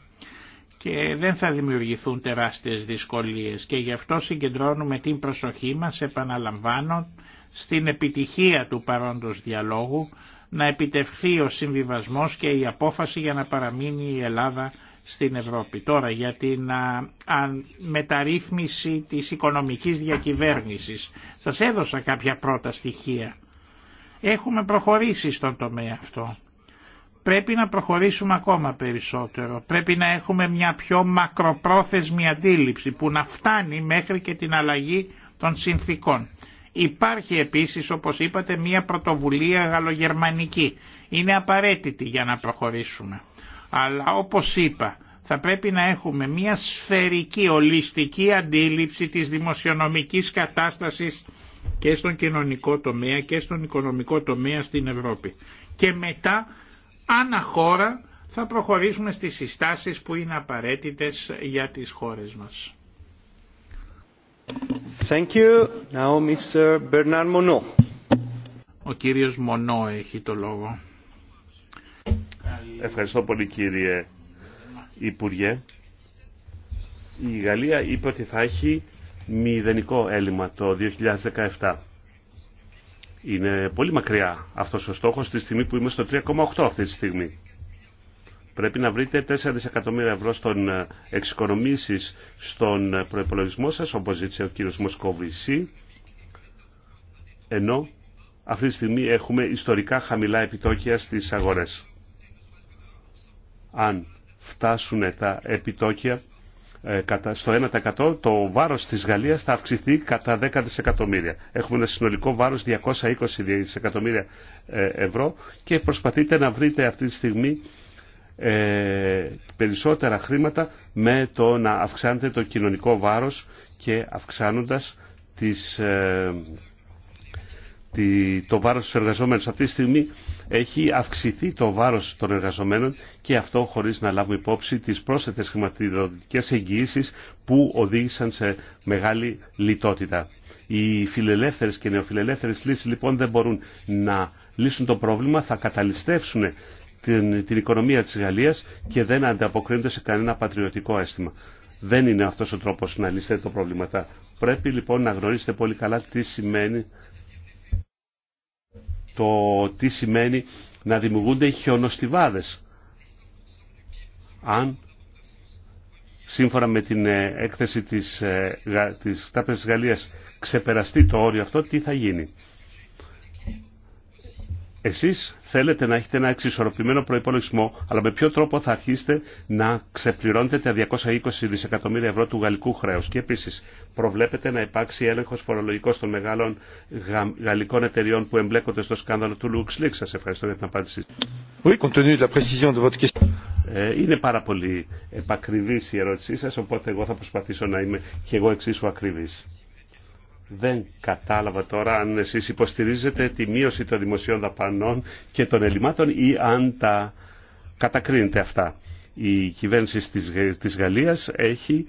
και δεν θα δημιουργηθούν τεράστιες δυσκολίες και γι' αυτό συγκεντρώνουμε την προσοχή μας, επαναλαμβάνω, στην επιτυχία του παρόντος διαλόγου να επιτευχθεί ο συμβιβασμός και η απόφαση για να παραμείνει η Ελλάδα στην Ευρώπη. Τώρα για την μεταρρύθμιση της οικονομικής διακυβέρνησης. Σας έδωσα κάποια πρώτα στοιχεία. Έχουμε προχωρήσει στον τομέα αυτό. Πρέπει να προχωρήσουμε ακόμα περισσότερο. Πρέπει να έχουμε μια πιο μακροπρόθεσμη αντίληψη που να φτάνει μέχρι και την αλλαγή των συνθήκων. Υπάρχει επίσης όπως είπατε μια πρωτοβουλία γαλλογερμανική. Είναι απαραίτητη για να προχωρήσουμε. Αλλά όπως είπα θα πρέπει να έχουμε μια σφαιρική, ολιστική αντίληψη της δημοσιονομικής κατάστασης και στον κοινωνικό τομέα και στον οικονομικό τομέα στην Ευρώπη. Και μετά, ανά χώρα, θα προχωρήσουμε στις συστάσεις που είναι απαραίτητες για τις χώρες μας. Thank you. Now, Mr. Bernard Ο κύριος Μονό έχει το λόγο. Ευχαριστώ πολύ κύριε Υπουργέ. Η Γαλλία είπε ότι θα έχει μηδενικό έλλειμμα το 2017. Είναι πολύ μακριά αυτός ο στόχος τη στιγμή που είμαστε στο 3,8 αυτή τη στιγμή. Πρέπει να βρείτε 4 δισεκατομμύρια ευρώ στον ε, εξοικονομήσεις στον ε, προϋπολογισμό σας, όπως ζήτησε ο κύριος Μοσκοβισή, ενώ αυτή τη στιγμή έχουμε ιστορικά χαμηλά επιτόκια στις αγορές αν φτάσουν τα επιτόκια ε, στο 1% το βάρος της Γαλλίας θα αυξηθεί κατά 10 δισεκατομμύρια. Έχουμε ένα συνολικό βάρος 220 δισεκατομμύρια ε, ευρώ και προσπαθείτε να βρείτε αυτή τη στιγμή ε, περισσότερα χρήματα με το να αυξάνετε το κοινωνικό βάρος και αυξάνοντας τις, το βάρος του εργαζομένους. Αυτή τη στιγμή έχει αυξηθεί το βάρος των εργαζομένων και αυτό χωρίς να λάβουμε υπόψη τις πρόσθετες χρηματοδοτικές εγγυήσεις που οδήγησαν σε μεγάλη λιτότητα. Οι φιλελεύθερες και νεοφιλελεύθερες λύσεις λοιπόν δεν μπορούν να λύσουν το πρόβλημα, θα καταλυστεύσουν την, την οικονομία της Γαλλίας και δεν ανταποκρίνονται σε κανένα πατριωτικό αίσθημα. Δεν είναι αυτός ο τρόπος να λύσετε το πρόβλημα. Πρέπει λοιπόν να γνωρίσετε πολύ καλά τι σημαίνει το τι σημαίνει να δημιουργούνται χιονοστιβάδες. Αν σύμφωνα με την ε, έκθεση της, ε, της Τάπεζας Γαλλίας ξεπεραστεί το όριο αυτό, τι θα γίνει. Εσείς θέλετε να έχετε ένα εξισορροπημένο προπολογισμό, αλλά με ποιο τρόπο θα αρχίσετε να ξεπληρώνετε τα 220 δισεκατομμύρια ευρώ του γαλλικού χρέου. Και επίση, προβλέπετε να υπάρξει έλεγχο φορολογικό των μεγάλων γαλλικών εταιριών που εμπλέκονται στο σκάνδαλο του LuxLeaks. Σα ευχαριστώ για την απάντησή ε, είναι πάρα πολύ επακριβή η ερώτησή σα, οπότε εγώ θα προσπαθήσω να είμαι και εγώ εξίσου ακριβή. Δεν κατάλαβα τώρα αν εσείς υποστηρίζετε τη μείωση των δημοσίων δαπανών και των ελλημάτων ή αν τα κατακρίνετε αυτά. Η κυβέρνηση της Γαλλίας έχει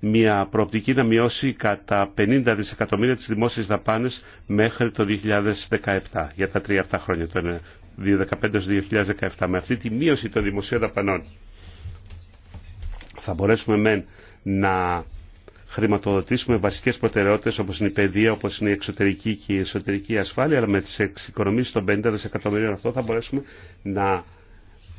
μια προοπτική να μειώσει κατά 50 δισεκατομμύρια τις δημόσιες δαπάνες μέχρι το 2017, για τα τρία αυτά χρόνια, το 2015-2017. Με αυτή τη μείωση των δημοσίων δαπανών θα μπορέσουμε μεν να χρηματοδοτήσουμε βασικές προτεραιότητες όπως είναι η παιδεία, όπως είναι η εξωτερική και η εσωτερική ασφάλεια, αλλά με τις εξοικονομήσεις των 50 δισεκατομμυρίων αυτό θα μπορέσουμε να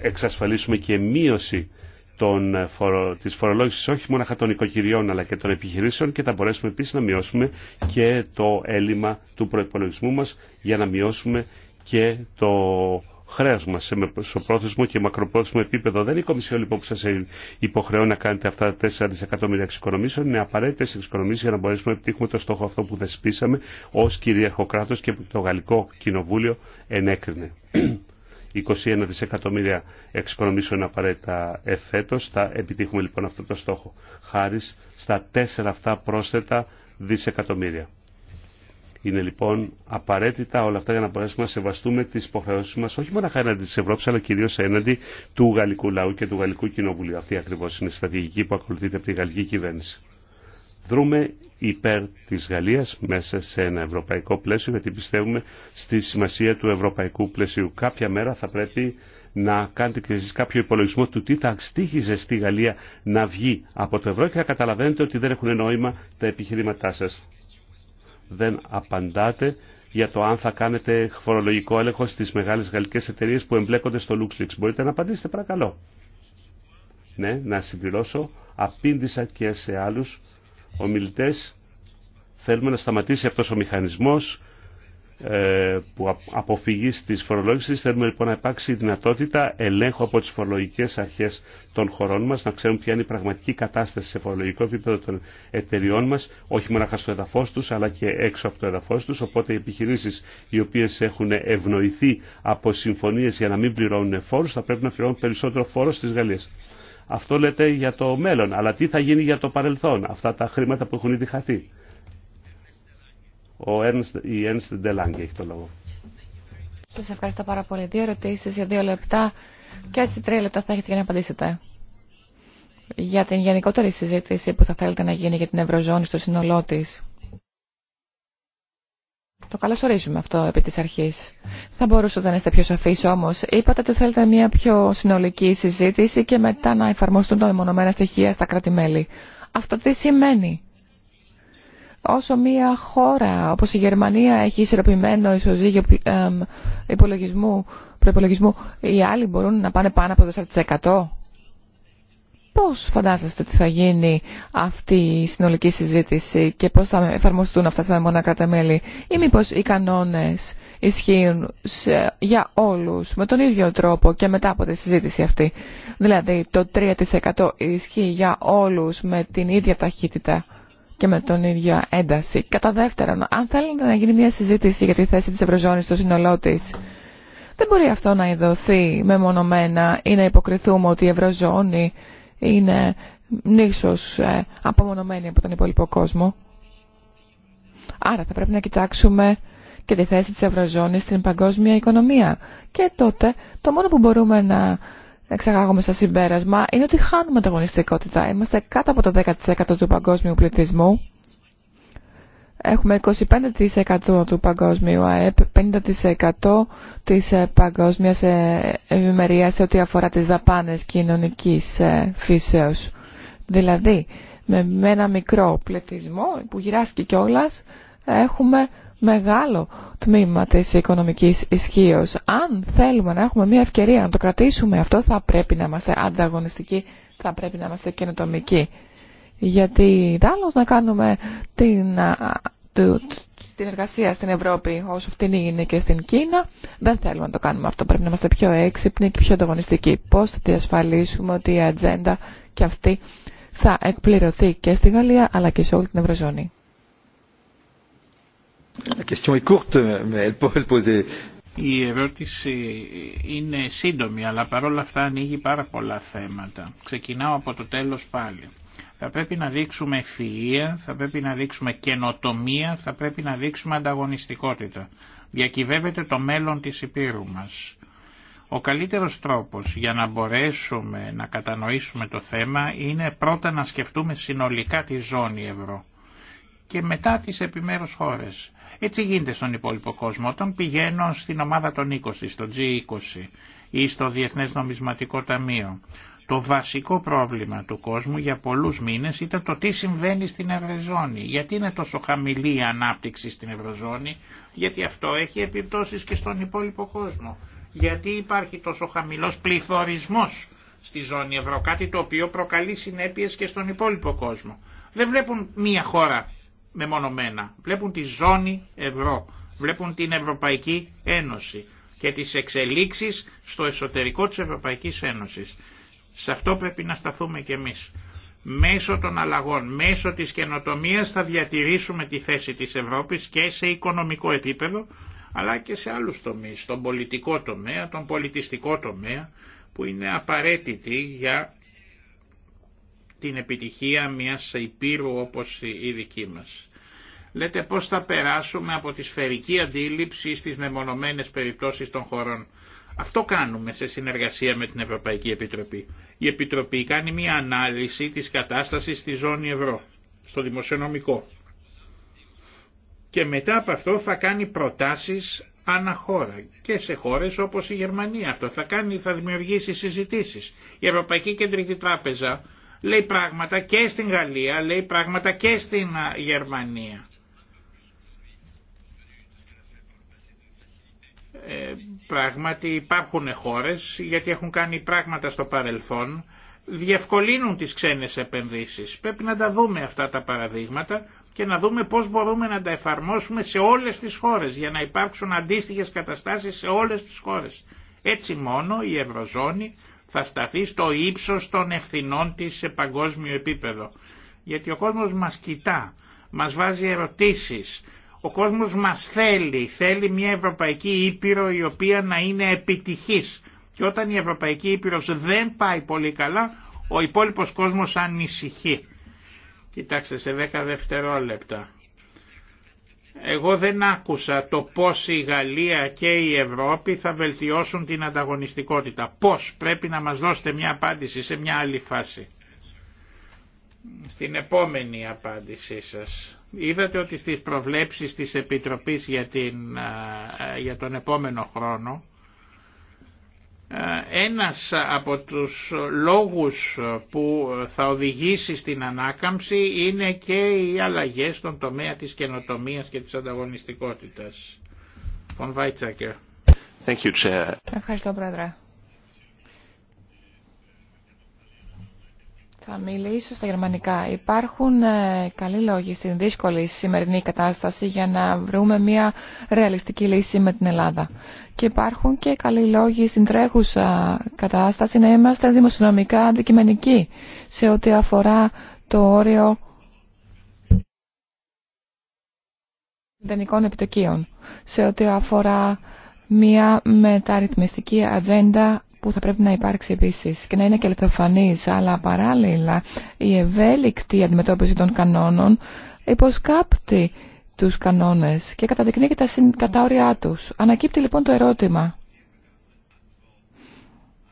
εξασφαλίσουμε και μείωση των φορο, της φορολόγησης όχι μόνο των οικοκυριών αλλά και των επιχειρήσεων και θα μπορέσουμε επίσης να μειώσουμε και το έλλειμμα του προϋπολογισμού μας για να μειώσουμε και το χρέο μα σε μεσοπρόθεσμο και μακροπρόθεσμο επίπεδο. Δεν είναι η Κομισιόλη λοιπόν, που σα ε, υποχρεώνει να κάνετε αυτά τα 4 δισεκατομμύρια εξοικονομήσεων. Είναι απαραίτητε εξοικονομήσει για να μπορέσουμε να επιτύχουμε το στόχο αυτό που δεσπίσαμε ω κυρίαρχο κράτο και το Γαλλικό Κοινοβούλιο ενέκρινε. 21 [clears throat] δισεκατομμύρια εξοικονομήσεων απαραίτητα εφέτο. Θα επιτύχουμε λοιπόν αυτό το στόχο χάρη στα 4 αυτά πρόσθετα δισεκατομμύρια. Είναι λοιπόν απαραίτητα όλα αυτά για να μπορέσουμε να σεβαστούμε τι υποχρεώσει μα όχι μόνο έναντι τη Ευρώπη αλλά κυρίω έναντι του γαλλικού λαού και του γαλλικού κοινοβουλίου. Αυτή ακριβώ είναι η στρατηγική που ακολουθείται από τη γαλλική κυβέρνηση. Δρούμε υπέρ τη Γαλλία μέσα σε ένα ευρωπαϊκό πλαίσιο γιατί πιστεύουμε στη σημασία του ευρωπαϊκού πλαίσιου. Κάποια μέρα θα πρέπει να κάνετε και εσείς κάποιο υπολογισμό του τι θα στήχιζε στη Γαλλία να βγει από το ευρώ και θα καταλαβαίνετε ότι δεν έχουν νόημα τα επιχειρήματά σας δεν απαντάτε για το αν θα κάνετε φορολογικό έλεγχο στις μεγάλες γαλλικές εταιρείες που εμπλέκονται στο LuxLeaks. Μπορείτε να απαντήσετε παρακαλώ. Ναι, να συμπληρώσω. Απήντησα και σε άλλους ομιλητές. Θέλουμε να σταματήσει αυτός ο μηχανισμός ε, που αποφυγής της φορολόγησης θέλουμε λοιπόν να υπάρξει η δυνατότητα ελέγχου από τις φορολογικές αρχές των χωρών μας να ξέρουν ποια είναι η πραγματική κατάσταση σε φορολογικό επίπεδο των εταιριών μας όχι μόνο στο εδαφός τους αλλά και έξω από το εδαφός τους οπότε οι επιχειρήσεις οι οποίες έχουν ευνοηθεί από συμφωνίες για να μην πληρώνουν φόρους θα πρέπει να πληρώνουν περισσότερο φόρο στις Γαλλίες. Αυτό λέτε για το μέλλον, αλλά τι θα γίνει για το παρελθόν, αυτά τα χρήματα που έχουν ήδη χαθεί. Ο Ernst, η Ernst Lange έχει το λόγο. Σα ευχαριστώ πάρα πολύ. Δύο ερωτήσει για δύο λεπτά και έτσι τρία λεπτά θα έχετε για να απαντήσετε. Για την γενικότερη συζήτηση που θα θέλετε να γίνει για την Ευρωζώνη στο σύνολό τη. Το καλωσορίζουμε αυτό επί τη αρχή. Θα μπορούσατε να είστε πιο σαφεί όμω, Είπατε ότι θέλετε μια πιο συνολική συζήτηση και μετά να εφαρμοστούν τα μεμονωμένα στοιχεία στα κράτη-μέλη. Αυτό τι σημαίνει. Όσο μια χώρα όπως η Γερμανία έχει ισορροπημένο ισοζύγιο υπολογισμού, προπολογισμού, οι άλλοι μπορούν να πάνε πάνω από το 4%. Πώς φαντάζεστε ότι θα γίνει αυτή η συνολική συζήτηση και πώς θα εφαρμοστούν αυτά τα μόνα μέλη ή μήπως οι κανόνες ισχύουν για όλους με τον ίδιο τρόπο και μετά από τη συζήτηση αυτή. Δηλαδή το 3% ισχύει για όλους με την ίδια ταχύτητα και με τον ίδιο ένταση. Κατά δεύτερον, αν θέλετε να γίνει μια συζήτηση για τη θέση της Ευρωζώνης στο σύνολό τη. δεν μπορεί αυτό να ειδωθεί μεμονωμένα ή να υποκριθούμε ότι η Ευρωζώνη είναι νήσος ε, απομονωμένη από τον υπόλοιπο κόσμο. Άρα θα πρέπει να κοιτάξουμε και τη θέση της Ευρωζώνης στην παγκόσμια οικονομία. Και τότε το μόνο που μπορούμε να εξαγάγουμε στο συμπέρασμα είναι ότι χάνουμε ανταγωνιστικότητα. Είμαστε κάτω από το 10% του παγκόσμιου πληθυσμού. Έχουμε 25% του παγκόσμιου ΑΕΠ, 50% της ε, παγκόσμιας ε, ευημερίας σε ό,τι αφορά τις δαπάνες κοινωνικής ε, φύσεως. Δηλαδή, με ένα μικρό πληθυσμό που γυράσκει κιόλας, έχουμε μεγάλο τμήμα της οικονομικής ισχύω. Αν θέλουμε να έχουμε μια ευκαιρία να το κρατήσουμε αυτό θα πρέπει να είμαστε ανταγωνιστικοί, θα πρέπει να είμαστε καινοτομικοί. Γιατί δάλλως να κάνουμε την, την εργασία στην Ευρώπη όσο φτηνή είναι και στην Κίνα. Δεν θέλουμε να το κάνουμε αυτό. Πρέπει να είμαστε πιο έξυπνοι και πιο ανταγωνιστικοί. Πώς θα διασφαλίσουμε ότι η ατζέντα και αυτή θα εκπληρωθεί και στη Γαλλία αλλά και σε όλη την Ευρωζώνη. Η ερώτηση είναι σύντομη, αλλά παρόλα αυτά ανοίγει πάρα πολλά θέματα. Ξεκινάω από το τέλος πάλι. Θα πρέπει να δείξουμε ευφυΐα, θα πρέπει να δείξουμε καινοτομία, θα πρέπει να δείξουμε ανταγωνιστικότητα. Διακυβεύεται το μέλλον της Υπήρου μας. Ο καλύτερος τρόπος για να μπορέσουμε να κατανοήσουμε το θέμα είναι πρώτα να σκεφτούμε συνολικά τη ζώνη ευρώ και μετά τις επιμέρους χώρες. Έτσι γίνεται στον υπόλοιπο κόσμο. Όταν πηγαίνω στην ομάδα των 20, στο G20 ή στο Διεθνές Νομισματικό Ταμείο, το βασικό πρόβλημα του κόσμου για πολλούς μήνες ήταν το τι συμβαίνει στην Ευρωζώνη. Γιατί είναι τόσο χαμηλή η ανάπτυξη στην Ευρωζώνη, γιατί αυτό έχει επιπτώσεις και στον υπόλοιπο κόσμο. Γιατί υπάρχει τόσο χαμηλός πληθωρισμός στη ζώνη ευρώ, κάτι το οποίο προκαλεί συνέπειες και στον υπόλοιπο κόσμο. Δεν βλέπουν μία χώρα μεμονωμένα. Βλέπουν τη ζώνη ευρώ, βλέπουν την Ευρωπαϊκή Ένωση και τις εξελίξεις στο εσωτερικό της Ευρωπαϊκής Ένωσης. Σε αυτό πρέπει να σταθούμε κι εμείς. Μέσω των αλλαγών, μέσω της καινοτομίας θα διατηρήσουμε τη θέση της Ευρώπης και σε οικονομικό επίπεδο, αλλά και σε άλλους τομείς, στον πολιτικό τομέα, τον πολιτιστικό τομέα, που είναι απαραίτητη για την επιτυχία μιας υπήρου όπως η δική μας. Λέτε πώς θα περάσουμε από τη σφαιρική αντίληψη στις μεμονωμένες περιπτώσεις των χωρών. Αυτό κάνουμε σε συνεργασία με την Ευρωπαϊκή Επιτροπή. Η Επιτροπή κάνει μια ανάλυση της κατάστασης στη ζώνη ευρώ, στο δημοσιονομικό. Και μετά από αυτό θα κάνει προτάσεις αναχώρα και σε χώρες όπως η Γερμανία αυτό. Θα, κάνει, δημιουργήσει συζητήσεις. Η Ευρωπαϊκή Κεντρική Τράπεζα λέει πράγματα και στην Γαλλία, λέει πράγματα και στην Γερμανία. Ε, πράγματι υπάρχουν χώρες γιατί έχουν κάνει πράγματα στο παρελθόν, διευκολύνουν τις ξένες επενδύσεις. Πρέπει να τα δούμε αυτά τα παραδείγματα και να δούμε πώς μπορούμε να τα εφαρμόσουμε σε όλες τις χώρες για να υπάρξουν αντίστοιχες καταστάσεις σε όλες τις χώρες. Έτσι μόνο η Ευρωζώνη θα σταθεί στο ύψος των ευθυνών της σε παγκόσμιο επίπεδο. Γιατί ο κόσμος μας κοιτά, μας βάζει ερωτήσεις, ο κόσμος μας θέλει, θέλει μια Ευρωπαϊκή Ήπειρο η οποία να είναι επιτυχής. Και όταν η Ευρωπαϊκή Ήπειρος δεν πάει πολύ καλά, ο υπόλοιπος κόσμος ανησυχεί. Κοιτάξτε σε 10 δευτερόλεπτα. Εγώ δεν άκουσα το πώς η Γαλλία και η Ευρώπη θα βελτιώσουν την ανταγωνιστικότητα. Πώς πρέπει να μας δώσετε μια απάντηση σε μια άλλη φάση. Στην επόμενη απάντησή σας. Είδατε ότι στις προβλέψεις της Επιτροπής για, την, για τον επόμενο χρόνο ε, ένας από τους λόγους που θα οδηγήσει στην ανάκαμψη είναι και οι αλλαγές στον τομέα της καινοτομίας και της ανταγωνιστικότητας. Ευχαριστώ, Πρόεδρε. Θα μιλήσω στα γερμανικά. Υπάρχουν ε, καλοί λόγοι στην δύσκολη σημερινή κατάσταση για να βρούμε μια ρεαλιστική λύση με την Ελλάδα. Και υπάρχουν και καλοί λόγοι στην τρέχουσα κατάσταση να είμαστε δημοσιονομικά αντικειμενικοί σε ό,τι αφορά το όριο δενικών επιτοκίων, σε ό,τι αφορά μια μεταρρυθμιστική ατζέντα που θα πρέπει να υπάρξει επίσης και να είναι και αλλά παράλληλα η ευέλικτη αντιμετώπιση των κανόνων υποσκάπτει τους κανόνες και καταδεικνύει και τα, συν, τους. Ανακύπτει λοιπόν το ερώτημα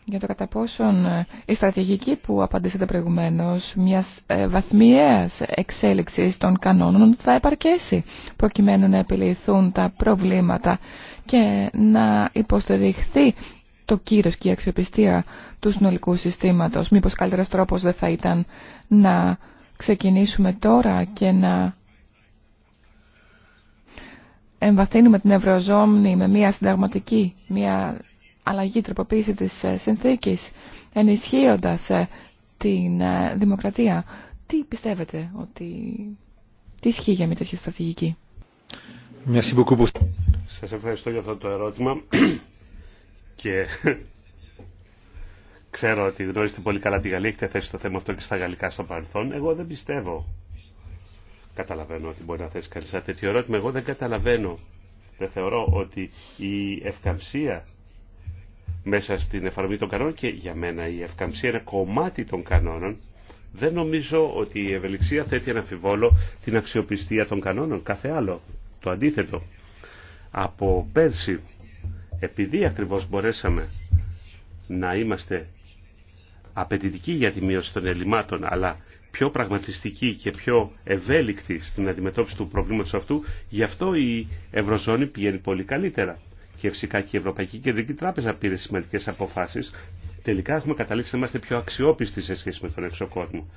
για το κατά πόσον ε, η στρατηγική που απαντήσατε προηγουμένως μιας ε, βαθμιαίας εξέλιξη των κανόνων θα επαρκέσει προκειμένου να επιληθούν τα προβλήματα και να υποστηριχθεί το κύρος και η αξιοπιστία του συνολικού συστήματος. Μήπως καλύτερος τρόπος δεν θα ήταν να ξεκινήσουμε τώρα και να εμβαθύνουμε την Ευρωζώνη με μια συνταγματική, μια αλλαγή τροποποίηση της ε, συνθήκης, ενισχύοντας ε, την ε, δημοκρατία. Τι πιστεύετε ότι... Τι ισχύει για μια τέτοια στρατηγική. Σας ευχαριστώ για αυτό το ερώτημα και [laughs] ξέρω ότι γνωρίζετε πολύ καλά τη Γαλλία, έχετε θέσει το θέμα αυτό και στα γαλλικά στο παρελθόν. Εγώ δεν πιστεύω. Καταλαβαίνω ότι μπορεί να θέσει κανεί ένα τέτοιο ερώτημα. Εγώ δεν καταλαβαίνω. Δεν θεωρώ ότι η ευκαμψία μέσα στην εφαρμογή των κανόνων και για μένα η ευκαμψία είναι κομμάτι των κανόνων. Δεν νομίζω ότι η ευελιξία θέτει ένα αμφιβόλο την αξιοπιστία των κανόνων. Κάθε άλλο. Το αντίθετο. Από πέρσι επειδή ακριβώς μπορέσαμε να είμαστε απαιτητικοί για τη μείωση των ελλημάτων, αλλά πιο πραγματιστικοί και πιο ευέλικτοι στην αντιμετώπιση του προβλήματος αυτού, γι' αυτό η Ευρωζώνη πηγαίνει πολύ καλύτερα. Και φυσικά και η Ευρωπαϊκή Κεντρική Τράπεζα πήρε σημαντικές αποφάσεις. Τελικά έχουμε καταλήξει να είμαστε πιο αξιόπιστοι σε σχέση με τον εξωκόσμο.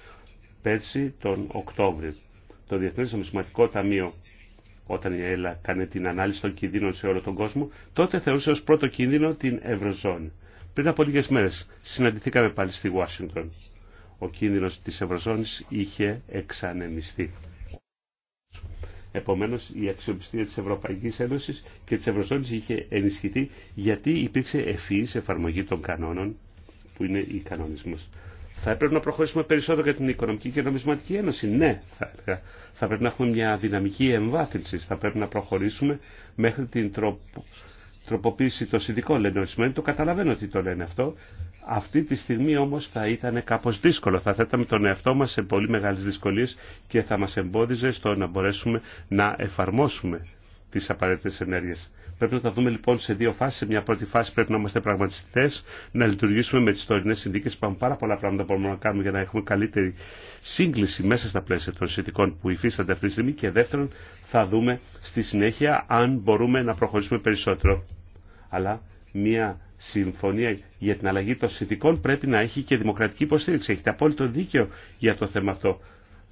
Πέρσι τον Οκτώβριο, το Διεθνές Νομισματικό Ταμείο όταν η Έλα κάνει την ανάλυση των κινδύνων σε όλο τον κόσμο, τότε θεωρούσε ως πρώτο κίνδυνο την Ευρωζώνη. Πριν από λίγες μέρες συναντηθήκαμε πάλι στη Ουάσιγκτον. Ο κίνδυνος της Ευρωζώνης είχε εξανεμιστεί. Επομένως η αξιοπιστία της Ευρωπαϊκής Ένωσης και της Ευρωζώνης είχε ενισχυθεί γιατί υπήρξε ευφυής εφαρμογή των κανόνων που είναι οι κανονισμός. Θα έπρεπε να προχωρήσουμε περισσότερο για την Οικονομική και Νομισματική Ένωση. Ναι, θα έλεγα. Θα πρέπει να έχουμε μια δυναμική εμβάθυνση. Θα πρέπει να προχωρήσουμε μέχρι την τροποποίηση των συνδικών. Λένε ορισμένοι, το καταλαβαίνω ότι το λένε αυτό. Αυτή τη στιγμή όμω θα ήταν κάπω δύσκολο. Θα θέταμε τον εαυτό μα σε πολύ μεγάλε δυσκολίε και θα μα εμπόδιζε στο να μπορέσουμε να εφαρμόσουμε τι απαραίτητε ενέργειε. Πρέπει να τα δούμε λοιπόν σε δύο φάσει. Σε μια πρώτη φάση πρέπει να είμαστε πραγματιστέ, να λειτουργήσουμε με τι τωρινέ συνθήκε. Υπάρχουν πάρα πολλά πράγματα που μπορούμε να κάνουμε για να έχουμε καλύτερη σύγκληση μέσα στα πλαίσια των συνθήκων που υφίστανται αυτή τη στιγμή. Και δεύτερον, θα δούμε στη συνέχεια αν μπορούμε να προχωρήσουμε περισσότερο. Αλλά μια συμφωνία για την αλλαγή των συνθήκων πρέπει να έχει και δημοκρατική υποστήριξη. Έχετε απόλυτο δίκιο για το θέμα αυτό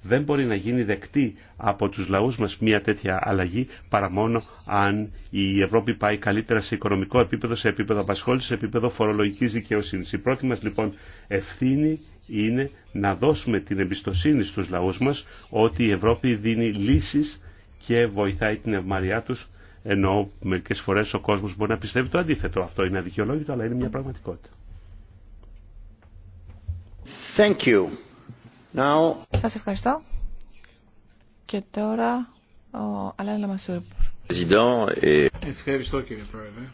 δεν μπορεί να γίνει δεκτή από τους λαούς μας μια τέτοια αλλαγή παρά μόνο αν η Ευρώπη πάει καλύτερα σε οικονομικό επίπεδο, σε επίπεδο απασχόληση, σε επίπεδο φορολογικής δικαιοσύνης. Η πρώτη μας λοιπόν ευθύνη είναι να δώσουμε την εμπιστοσύνη στους λαούς μας ότι η Ευρώπη δίνει λύσεις και βοηθάει την ευμαριά τους ενώ μερικές φορές ο κόσμος μπορεί να πιστεύει το αντίθετο. Αυτό είναι αδικαιολόγητο αλλά είναι μια πραγματικότητα. Thank you. Σας ευχαριστώ. Και τώρα ο Αλένα Μασούρ. Ε- ευχαριστώ κύριε Πρόεδρε.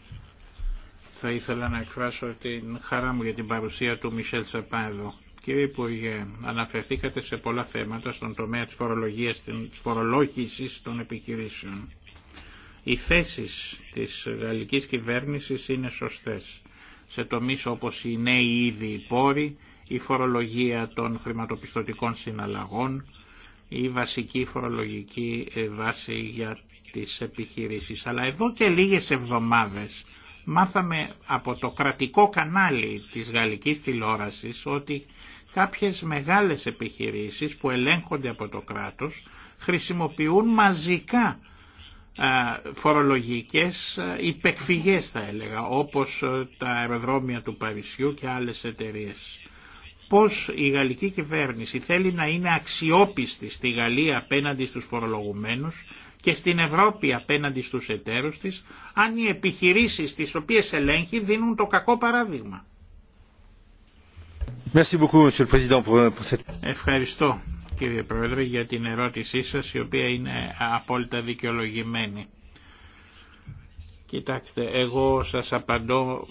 Θα ήθελα να εκφράσω την χαρά μου για την παρουσία του Μισελ Σαπά εδώ. Κύριε Υπουργέ, αναφερθήκατε σε πολλά θέματα στον τομέα της φορολογίας, της φορολόγησης των επιχειρήσεων. Οι θέσεις της γαλλικής κυβέρνησης είναι σωστές. Σε τομείς όπως οι νέοι ήδη πόροι, η φορολογία των χρηματοπιστωτικών συναλλαγών, η βασική φορολογική ε, βάση για τις επιχειρήσεις. Αλλά εδώ και λίγες εβδομάδες μάθαμε από το κρατικό κανάλι της γαλλικής τηλεόρασης ότι κάποιες μεγάλες επιχειρήσεις που ελέγχονται από το κράτος χρησιμοποιούν μαζικά φορολογικές υπεκφυγές θα έλεγα όπως ε, τα αεροδρόμια του Παρισιού και άλλες εταιρείες πώς η γαλλική κυβέρνηση θέλει να είναι αξιόπιστη στη Γαλλία απέναντι στους φορολογουμένους και στην Ευρώπη απέναντι στους εταίρους της, αν οι επιχειρήσεις τις οποίες ελέγχει δίνουν το κακό παράδειγμα. Ευχαριστώ κύριε Πρόεδρε για την ερώτησή σας η οποία είναι απόλυτα δικαιολογημένη. Κοιτάξτε, εγώ σας απαντώ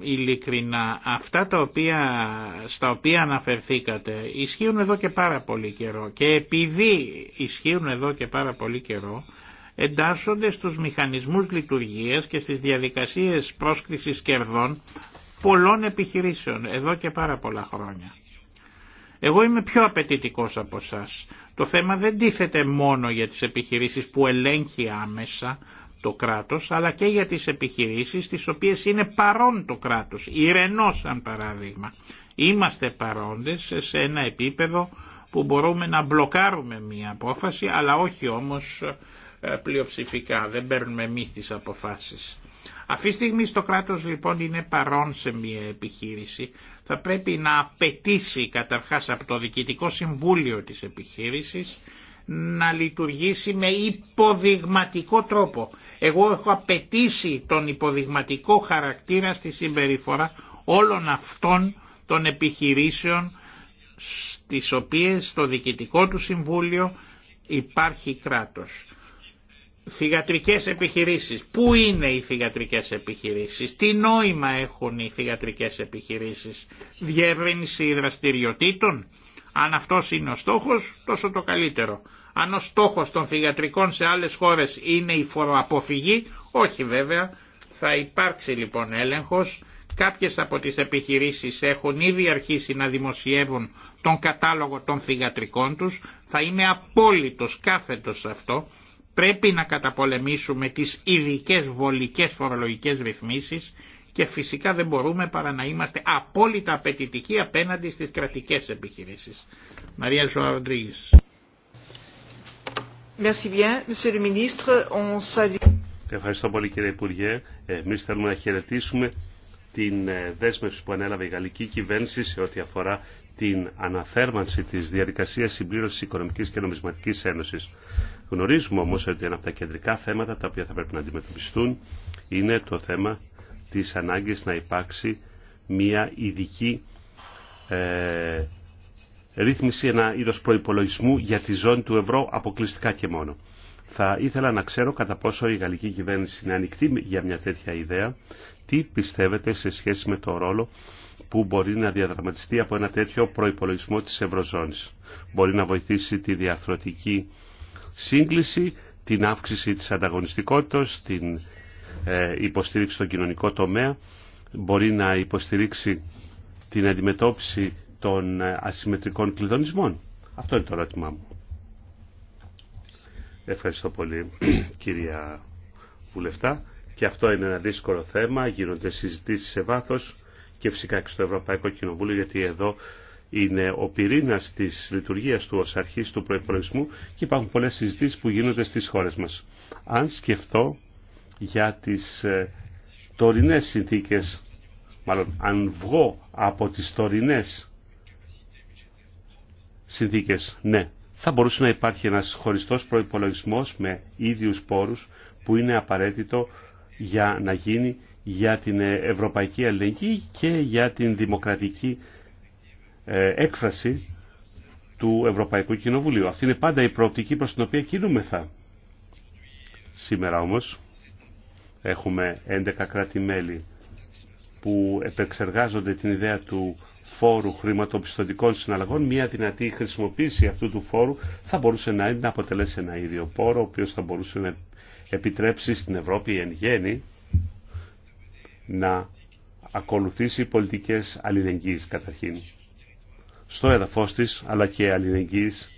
ειλικρινά. Αυτά τα οποία, στα οποία αναφερθήκατε ισχύουν εδώ και πάρα πολύ καιρό και επειδή ισχύουν εδώ και πάρα πολύ καιρό εντάσσονται στους μηχανισμούς λειτουργίας και στις διαδικασίες πρόσκλησης κερδών πολλών επιχειρήσεων εδώ και πάρα πολλά χρόνια. Εγώ είμαι πιο απαιτητικός από εσά. Το θέμα δεν τίθεται μόνο για τις επιχειρήσεις που ελέγχει άμεσα, το κράτος αλλά και για τις επιχειρήσεις τις οποίες είναι παρόν το κράτος, η Ρενό σαν παράδειγμα. Είμαστε παρόντες σε ένα επίπεδο που μπορούμε να μπλοκάρουμε μία απόφαση αλλά όχι όμως ε, πλειοψηφικά, δεν παίρνουμε εμεί τις αποφάσεις. Αυτή τη στιγμή το κράτος λοιπόν είναι παρόν σε μια επιχείρηση. Θα πρέπει να απαιτήσει καταρχάς από το Διοικητικό Συμβούλιο της επιχείρησης να λειτουργήσει με υποδειγματικό τρόπο. Εγώ έχω απαιτήσει τον υποδειγματικό χαρακτήρα στη συμπεριφορά όλων αυτών των επιχειρήσεων στις οποίες στο Διοικητικό του Συμβούλιο υπάρχει κράτος. Θυγατρικές επιχειρήσεις. Πού είναι οι θυγατρικές επιχειρήσεις, τι νόημα έχουν οι θυγατρικές επιχειρήσεις, διεύρυνση δραστηριοτήτων, αν αυτός είναι ο στόχος, τόσο το καλύτερο. Αν ο στόχος των φυγατρικών σε άλλες χώρες είναι η φοροαποφυγή, όχι βέβαια, θα υπάρξει λοιπόν έλεγχος. Κάποιες από τις επιχειρήσεις έχουν ήδη αρχίσει να δημοσιεύουν τον κατάλογο των φυγατρικών τους. Θα είμαι απόλυτος κάθετος σε αυτό. Πρέπει να καταπολεμήσουμε τις ειδικέ βολικές φορολογικές ρυθμίσεις και φυσικά δεν μπορούμε παρά να είμαστε απόλυτα απαιτητικοί απέναντι στις κρατικές επιχειρήσεις. Μαρία Ζωαρντρίγης. Ευχαριστώ πολύ κύριε Υπουργέ. Εμεί θέλουμε να χαιρετήσουμε την ε, δέσμευση που ανέλαβε η γαλλική κυβέρνηση σε ό,τι αφορά την αναθέρμανση της διαδικασίας συμπλήρωσης Οικονομικής και Νομισματικής Ένωσης. Γνωρίζουμε όμως ότι ένα από τα κεντρικά θέματα τα οποία θα πρέπει να αντιμετωπιστούν είναι το θέμα της ανάγκης να υπάρξει μια ειδική ε, ρύθμιση, ένα είδος προϋπολογισμού για τη ζώνη του ευρώ αποκλειστικά και μόνο. Θα ήθελα να ξέρω κατά πόσο η γαλλική κυβέρνηση είναι ανοιχτή για μια τέτοια ιδέα. Τι πιστεύετε σε σχέση με το ρόλο που μπορεί να διαδραματιστεί από ένα τέτοιο προϋπολογισμό της Ευρωζώνης. Μπορεί να βοηθήσει τη διαθροτική σύγκληση, την αύξηση της ανταγωνιστικότητας, την ε, υποστήριξη στον κοινωνικό τομέα, μπορεί να υποστηρίξει την αντιμετώπιση των ε, ασυμμετρικών κλειδονισμών. Αυτό είναι το ερώτημά μου. Ευχαριστώ πολύ [clears throat] κυρία Βουλευτά. Και αυτό είναι ένα δύσκολο θέμα, γίνονται συζητήσεις σε βάθος και φυσικά και στο Ευρωπαϊκό Κοινοβούλιο γιατί εδώ είναι ο πυρήνα τη λειτουργία του ω αρχή του προπολογισμού και υπάρχουν πολλέ συζητήσει που γίνονται στι χώρε μα. Αν σκεφτώ για τις ε, τωρινές συνθήκες, μάλλον αν βγω από τις τωρινές συνθήκες, ναι, θα μπορούσε να υπάρχει ένας χωριστός προϋπολογισμός με ίδιους πόρους που είναι απαραίτητο για να γίνει για την ε, ευρωπαϊκή αλληλεγγύη και για την δημοκρατική ε, έκφραση του Ευρωπαϊκού Κοινοβουλίου. Αυτή είναι πάντα η προοπτική προς την οποία κινούμεθα. Σήμερα όμως Έχουμε 11 κράτη-μέλη που επεξεργάζονται την ιδέα του φόρου χρηματοπιστωτικών συναλλαγών, μια δυνατή χρησιμοποίηση αυτού του φόρου θα μπορούσε να, να αποτελέσει ένα ίδιο πόρο, ο οποίος θα μπορούσε να επιτρέψει στην Ευρώπη εν γέννη να ακολουθήσει πολιτικές αλληλεγγύης καταρχήν στο έδαφος της αλλά και αλληλεγγύης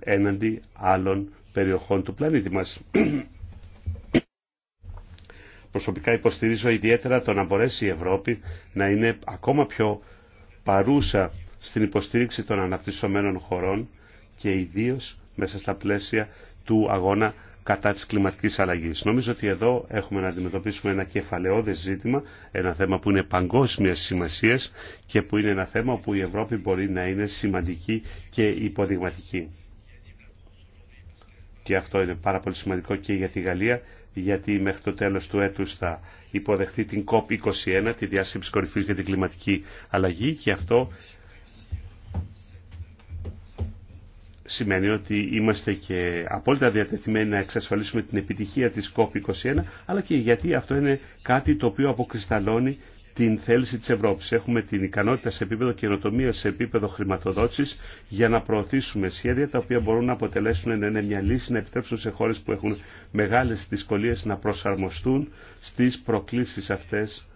έναντι άλλων περιοχών του πλανήτη μας προσωπικά υποστηρίζω ιδιαίτερα το να μπορέσει η Ευρώπη να είναι ακόμα πιο παρούσα στην υποστήριξη των αναπτυσσομένων χωρών και ιδίως μέσα στα πλαίσια του αγώνα κατά της κλιματικής αλλαγής. Νομίζω ότι εδώ έχουμε να αντιμετωπίσουμε ένα κεφαλαιόδες ζήτημα, ένα θέμα που είναι παγκόσμια σημασία και που είναι ένα θέμα που η Ευρώπη μπορεί να είναι σημαντική και υποδειγματική. Και αυτό είναι πάρα πολύ σημαντικό και για τη Γαλλία γιατί μέχρι το τέλος του έτους θα υποδεχτεί την COP21, τη διάσκεψη κορυφής για την κλιματική αλλαγή και αυτό σημαίνει ότι είμαστε και απόλυτα διατεθειμένοι να εξασφαλίσουμε την επιτυχία της COP21, αλλά και γιατί αυτό είναι κάτι το οποίο αποκρισταλώνει την θέληση της Ευρώπης. Έχουμε την ικανότητα σε επίπεδο καινοτομία, σε επίπεδο χρηματοδότησης για να προωθήσουμε σχέδια τα οποία μπορούν να αποτελέσουν να είναι μια λύση, να επιτρέψουν σε χώρες που έχουν μεγάλες δυσκολίες να προσαρμοστούν στις προκλήσεις αυτές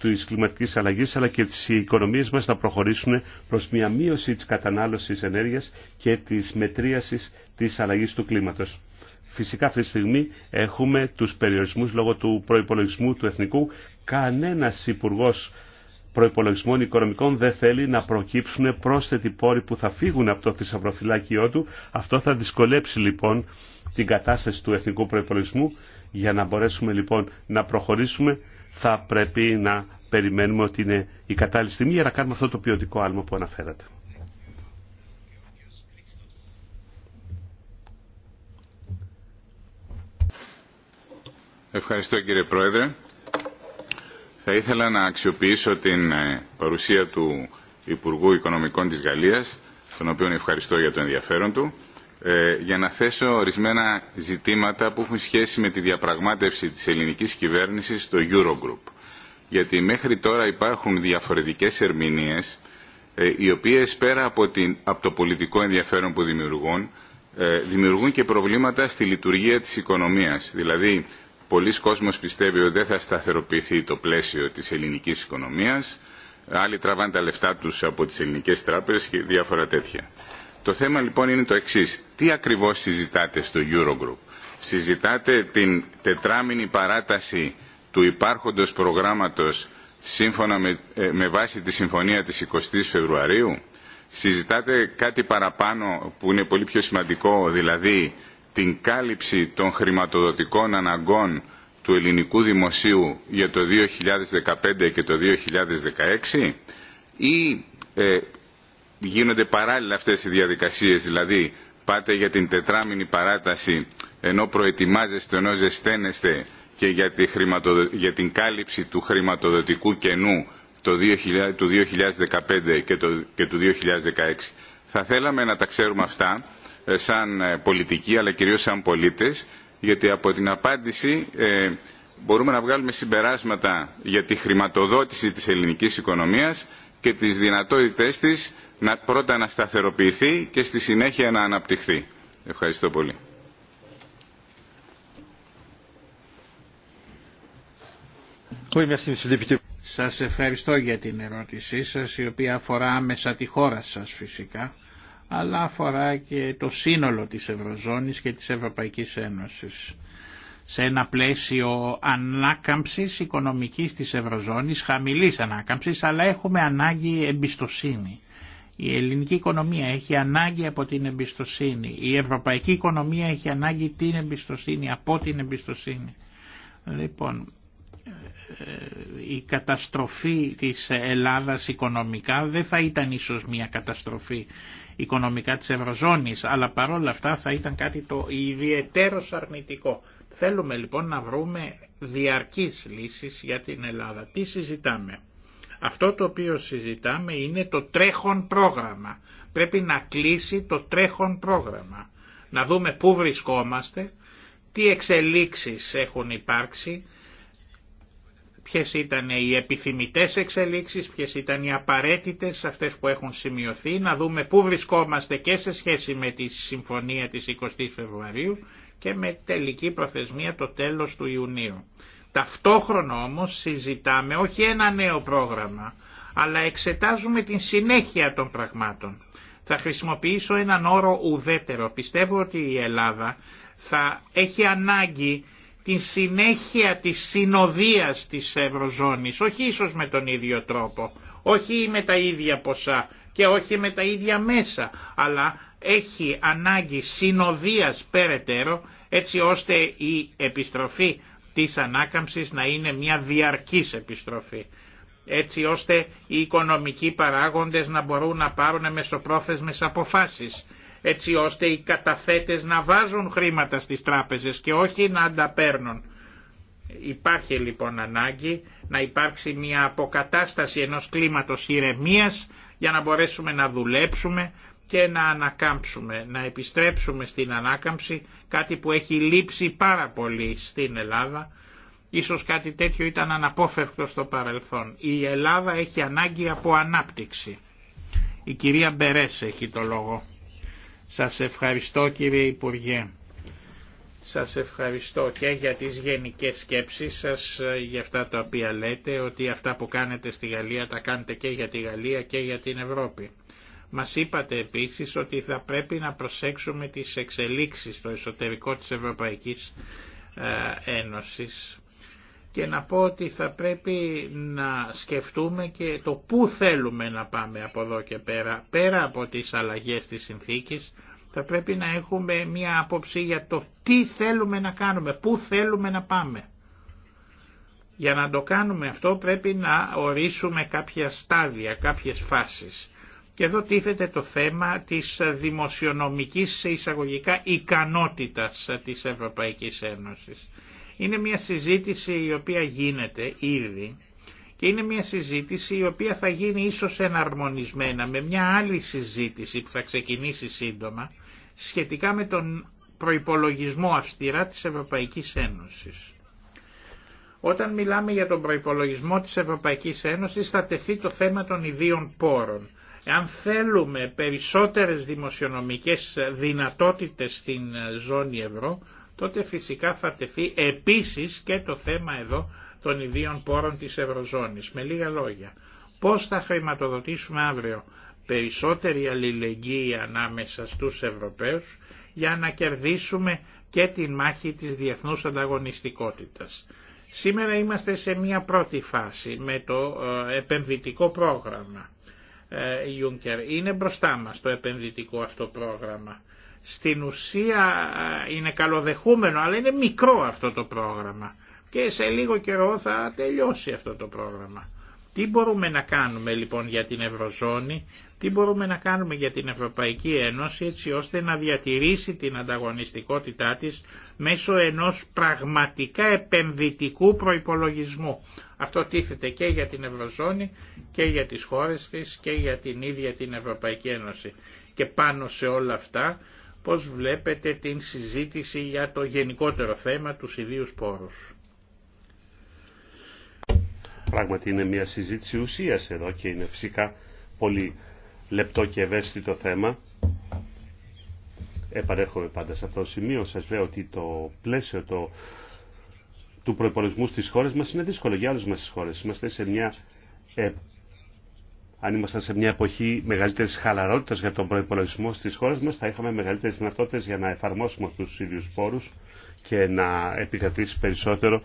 τη κλιματική αλλαγή αλλά και τι οικονομίε μα να προχωρήσουν προ μια μείωση τη κατανάλωση ενέργεια και τη μετρίαση τη αλλαγή του κλίματο. Φυσικά αυτή τη στιγμή έχουμε τους περιορισμούς λόγω του προϋπολογισμού του εθνικού. Κανένας υπουργό προϋπολογισμών οικονομικών δεν θέλει να προκύψουν πρόσθετοι πόροι που θα φύγουν από το θησαυροφυλάκιό του. Αυτό θα δυσκολέψει λοιπόν την κατάσταση του εθνικού προϋπολογισμού. Για να μπορέσουμε λοιπόν να προχωρήσουμε θα πρέπει να περιμένουμε ότι είναι η κατάλληλη στιγμή για να κάνουμε αυτό το ποιοτικό άλμα που αναφέρατε. Ευχαριστώ κύριε Πρόεδρε. Θα ήθελα να αξιοποιήσω την ε, παρουσία του Υπουργού Οικονομικών της Γαλλίας, τον οποίο ευχαριστώ για το ενδιαφέρον του, ε, για να θέσω ορισμένα ζητήματα που έχουν σχέση με τη διαπραγμάτευση της ελληνικής κυβέρνησης στο Eurogroup. Γιατί μέχρι τώρα υπάρχουν διαφορετικές ερμηνείες, ε, οι οποίες πέρα από, την, το πολιτικό ενδιαφέρον που δημιουργούν, δημιουργούν και προβλήματα στη λειτουργία της οικονομίας. Δηλαδή, πολλοί κόσμος πιστεύει ότι δεν θα σταθεροποιηθεί το πλαίσιο της ελληνικής οικονομίας, άλλοι τραβάνε τα λεφτά τους από τις ελληνικές τράπεζες και διάφορα τέτοια. Το θέμα λοιπόν είναι το εξής. Τι ακριβώς συζητάτε στο Eurogroup. Συζητάτε την τετράμινη παράταση του υπάρχοντος προγράμματος σύμφωνα με, ε, με βάση τη συμφωνία της 20 Φεβρουαρίου. Συζητάτε κάτι παραπάνω που είναι πολύ πιο σημαντικό, δηλαδή την κάλυψη των χρηματοδοτικών αναγκών του ελληνικού δημοσίου για το 2015 και το 2016 ή ε, γίνονται παράλληλα αυτές οι διαδικασίες, δηλαδή πάτε για την τετράμινη παράταση ενώ προετοιμάζεστε, ενώ ζεσταίνεστε και για, τη για την κάλυψη του χρηματοδοτικού κενού το 2000... του 2015 και, το... και του 2016. Θα θέλαμε να τα ξέρουμε αυτά ε, σαν ε, πολιτικοί αλλά κυρίως σαν πολίτες γιατί από την απάντηση ε, μπορούμε να βγάλουμε συμπεράσματα για τη χρηματοδότηση της ελληνικής οικονομίας και τις δυνατότητές της να, πρώτα να σταθεροποιηθεί και στη συνέχεια να αναπτυχθεί. Ευχαριστώ πολύ. Σας ευχαριστώ για την ερώτησή σας η οποία αφορά άμεσα τη χώρα σας φυσικά αλλά αφορά και το σύνολο της Ευρωζώνης και της Ευρωπαϊκής Ένωσης. Σε ένα πλαίσιο ανάκαμψης οικονομικής της Ευρωζώνης, χαμηλής ανάκαμψης, αλλά έχουμε ανάγκη εμπιστοσύνη. Η ελληνική οικονομία έχει ανάγκη από την εμπιστοσύνη. Η ευρωπαϊκή οικονομία έχει ανάγκη την εμπιστοσύνη, από την εμπιστοσύνη. Λοιπόν, η καταστροφή της Ελλάδας οικονομικά δεν θα ήταν ίσως μια καταστροφή οικονομικά της Ευρωζώνης, αλλά παρόλα αυτά θα ήταν κάτι το ιδιαίτερο αρνητικό. Θέλουμε λοιπόν να βρούμε διαρκείς λύσεις για την Ελλάδα. Τι συζητάμε. Αυτό το οποίο συζητάμε είναι το τρέχον πρόγραμμα. Πρέπει να κλείσει το τρέχον πρόγραμμα. Να δούμε πού βρισκόμαστε, τι εξελίξεις έχουν υπάρξει, ποιες ήταν οι επιθυμητές εξελίξεις, ποιες ήταν οι απαραίτητες αυτές που έχουν σημειωθεί, να δούμε πού βρισκόμαστε και σε σχέση με τη συμφωνία της 20 Φεβρουαρίου και με τελική προθεσμία το τέλος του Ιουνίου. Ταυτόχρονα όμως συζητάμε όχι ένα νέο πρόγραμμα, αλλά εξετάζουμε την συνέχεια των πραγμάτων. Θα χρησιμοποιήσω έναν όρο ουδέτερο. Πιστεύω ότι η Ελλάδα θα έχει ανάγκη την συνέχεια της συνοδείας της Ευρωζώνης, όχι ίσως με τον ίδιο τρόπο, όχι με τα ίδια ποσά και όχι με τα ίδια μέσα, αλλά έχει ανάγκη συνοδείας περαιτέρω έτσι ώστε η επιστροφή της ανάκαμψης να είναι μια διαρκής επιστροφή έτσι ώστε οι οικονομικοί παράγοντες να μπορούν να πάρουν μεσοπρόθεσμες αποφάσεις έτσι ώστε οι καταθέτες να βάζουν χρήματα στις τράπεζες και όχι να τα Υπάρχει λοιπόν ανάγκη να υπάρξει μια αποκατάσταση ενός κλίματος ηρεμίας για να μπορέσουμε να δουλέψουμε και να ανακάμψουμε, να επιστρέψουμε στην ανάκαμψη, κάτι που έχει λείψει πάρα πολύ στην Ελλάδα. Ίσως κάτι τέτοιο ήταν αναπόφευκτο στο παρελθόν. Η Ελλάδα έχει ανάγκη από ανάπτυξη. Η κυρία Μπερές έχει το λόγο. Σας ευχαριστώ κύριε Υπουργέ. Σας ευχαριστώ και για τις γενικές σκέψεις σας, για αυτά τα οποία λέτε, ότι αυτά που κάνετε στη Γαλλία τα κάνετε και για τη Γαλλία και για την Ευρώπη. Μας είπατε επίσης ότι θα πρέπει να προσέξουμε τις εξελίξεις στο εσωτερικό της Ευρωπαϊκής ε, Ένωσης και να πω ότι θα πρέπει να σκεφτούμε και το πού θέλουμε να πάμε από εδώ και πέρα. Πέρα από τις αλλαγές της συνθήκης θα πρέπει να έχουμε μία άποψη για το τι θέλουμε να κάνουμε, πού θέλουμε να πάμε. Για να το κάνουμε αυτό πρέπει να ορίσουμε κάποια στάδια, κάποιες φάσεις. Και εδώ τίθεται το θέμα της δημοσιονομικής εισαγωγικά ικανότητας της Ευρωπαϊκής Ένωσης. Είναι μια συζήτηση η οποία γίνεται ήδη και είναι μια συζήτηση η οποία θα γίνει ίσως εναρμονισμένα με μια άλλη συζήτηση που θα ξεκινήσει σύντομα σχετικά με τον προϋπολογισμό αυστηρά της Ευρωπαϊκής Ένωσης. Όταν μιλάμε για τον προϋπολογισμό της Ευρωπαϊκής Ένωσης θα τεθεί το θέμα των ιδίων πόρων. Αν θέλουμε περισσότερες δημοσιονομικές δυνατότητες στην ε, ζώνη ευρώ, τότε φυσικά θα τεθεί επίσης και το θέμα εδώ των ιδίων πόρων της Ευρωζώνης. Με λίγα λόγια, πώς θα χρηματοδοτήσουμε αύριο περισσότερη αλληλεγγύη ανάμεσα στους Ευρωπαίους για να κερδίσουμε και την μάχη της διεθνούς ανταγωνιστικότητας. Σήμερα είμαστε σε μια πρώτη φάση με το ε, επενδυτικό πρόγραμμα. Ε, Juncker. Είναι μπροστά μας το επενδυτικό αυτό πρόγραμμα στην ουσία ε, είναι καλοδεχούμενο, αλλά είναι μικρό αυτό το πρόγραμμα και σε λίγο καιρό θα τελειώσει αυτό το πρόγραμμα. Τι μπορούμε να κάνουμε λοιπόν για την Ευρωζώνη, τι μπορούμε να κάνουμε για την Ευρωπαϊκή Ένωση έτσι ώστε να διατηρήσει την ανταγωνιστικότητά της μέσω ενός πραγματικά επενδυτικού προϋπολογισμού. Αυτό τίθεται και για την Ευρωζώνη και για τις χώρες της και για την ίδια την Ευρωπαϊκή Ένωση. Και πάνω σε όλα αυτά πώς βλέπετε την συζήτηση για το γενικότερο θέμα του ιδίου πόρους. Πράγματι είναι μια συζήτηση ουσίας εδώ και είναι φυσικά πολύ λεπτό και ευαίσθητο θέμα. Επαρέχομαι πάντα σε αυτό το σημείο. Σας λέω ότι το πλαίσιο το, του προπολογισμού στις χώρες μας είναι δύσκολο για άλλες μας τις χώρες. Είμαστε σε μια αν ήμασταν σε μια εποχή μεγαλύτερη χαλαρότητα για τον προπολογισμό στι χώρε μα, θα είχαμε μεγαλύτερε δυνατότητε για να εφαρμόσουμε αυτού του ίδιου πόρου και να επικρατήσει περισσότερο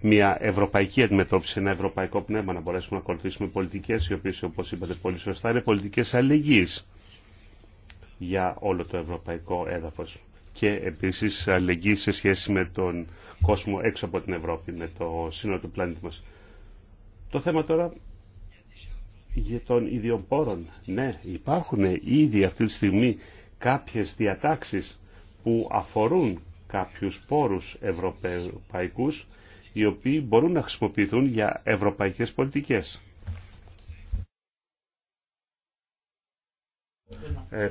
μια ευρωπαϊκή αντιμετώπιση, ένα ευρωπαϊκό πνεύμα, να μπορέσουμε να ακολουθήσουμε πολιτικέ, οι οποίε, όπω είπατε πολύ σωστά, είναι πολιτικέ αλληλεγγύη για όλο το ευρωπαϊκό έδαφο. Και επίση αλληλεγγύη σε σχέση με τον κόσμο έξω από την Ευρώπη, με το σύνολο του πλανήτη μα. Το θέμα τώρα των ιδιών Ναι, υπάρχουν ήδη αυτή τη στιγμή κάποιες διατάξεις που αφορούν κάποιους πόρους ευρωπαϊκούς οι οποίοι μπορούν να χρησιμοποιηθούν για ευρωπαϊκές πολιτικές. Ε,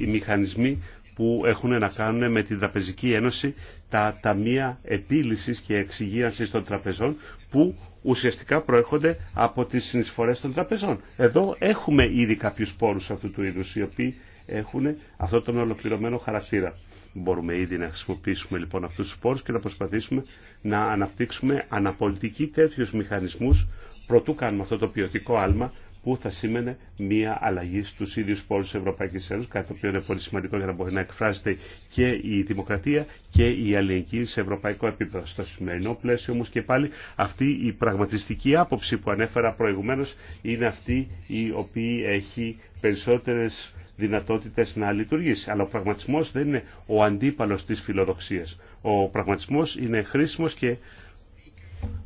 οι μηχανισμοί που έχουν να κάνουν με την Τραπεζική Ένωση, τα ταμεία επίλυσης και εξυγίανσης των τραπεζών που ουσιαστικά προέρχονται από τις συνεισφορές των τραπεζών. Εδώ έχουμε ήδη κάποιους πόρους αυτού του είδους οι οποίοι έχουν αυτό τον ολοκληρωμένο χαρακτήρα. Μπορούμε ήδη να χρησιμοποιήσουμε λοιπόν αυτούς τους πόρους και να προσπαθήσουμε να αναπτύξουμε αναπολιτική τέτοιους μηχανισμούς προτού κάνουμε αυτό το ποιοτικό άλμα που θα σήμαινε μία αλλαγή στους ίδιους πόρου της Ευρωπαϊκής Ένωσης, κάτι το οποίο είναι πολύ σημαντικό για να μπορεί να εκφράζεται και η δημοκρατία και η αλληλεγγύη σε ευρωπαϊκό επίπεδο. Στο σημερινό πλαίσιο όμως και πάλι αυτή η πραγματιστική άποψη που ανέφερα προηγουμένως είναι αυτή η οποία έχει περισσότερες δυνατότητες να λειτουργήσει. Αλλά ο πραγματισμός δεν είναι ο αντίπαλος της φιλοδοξίας. Ο πραγματισμός είναι χρήσιμο και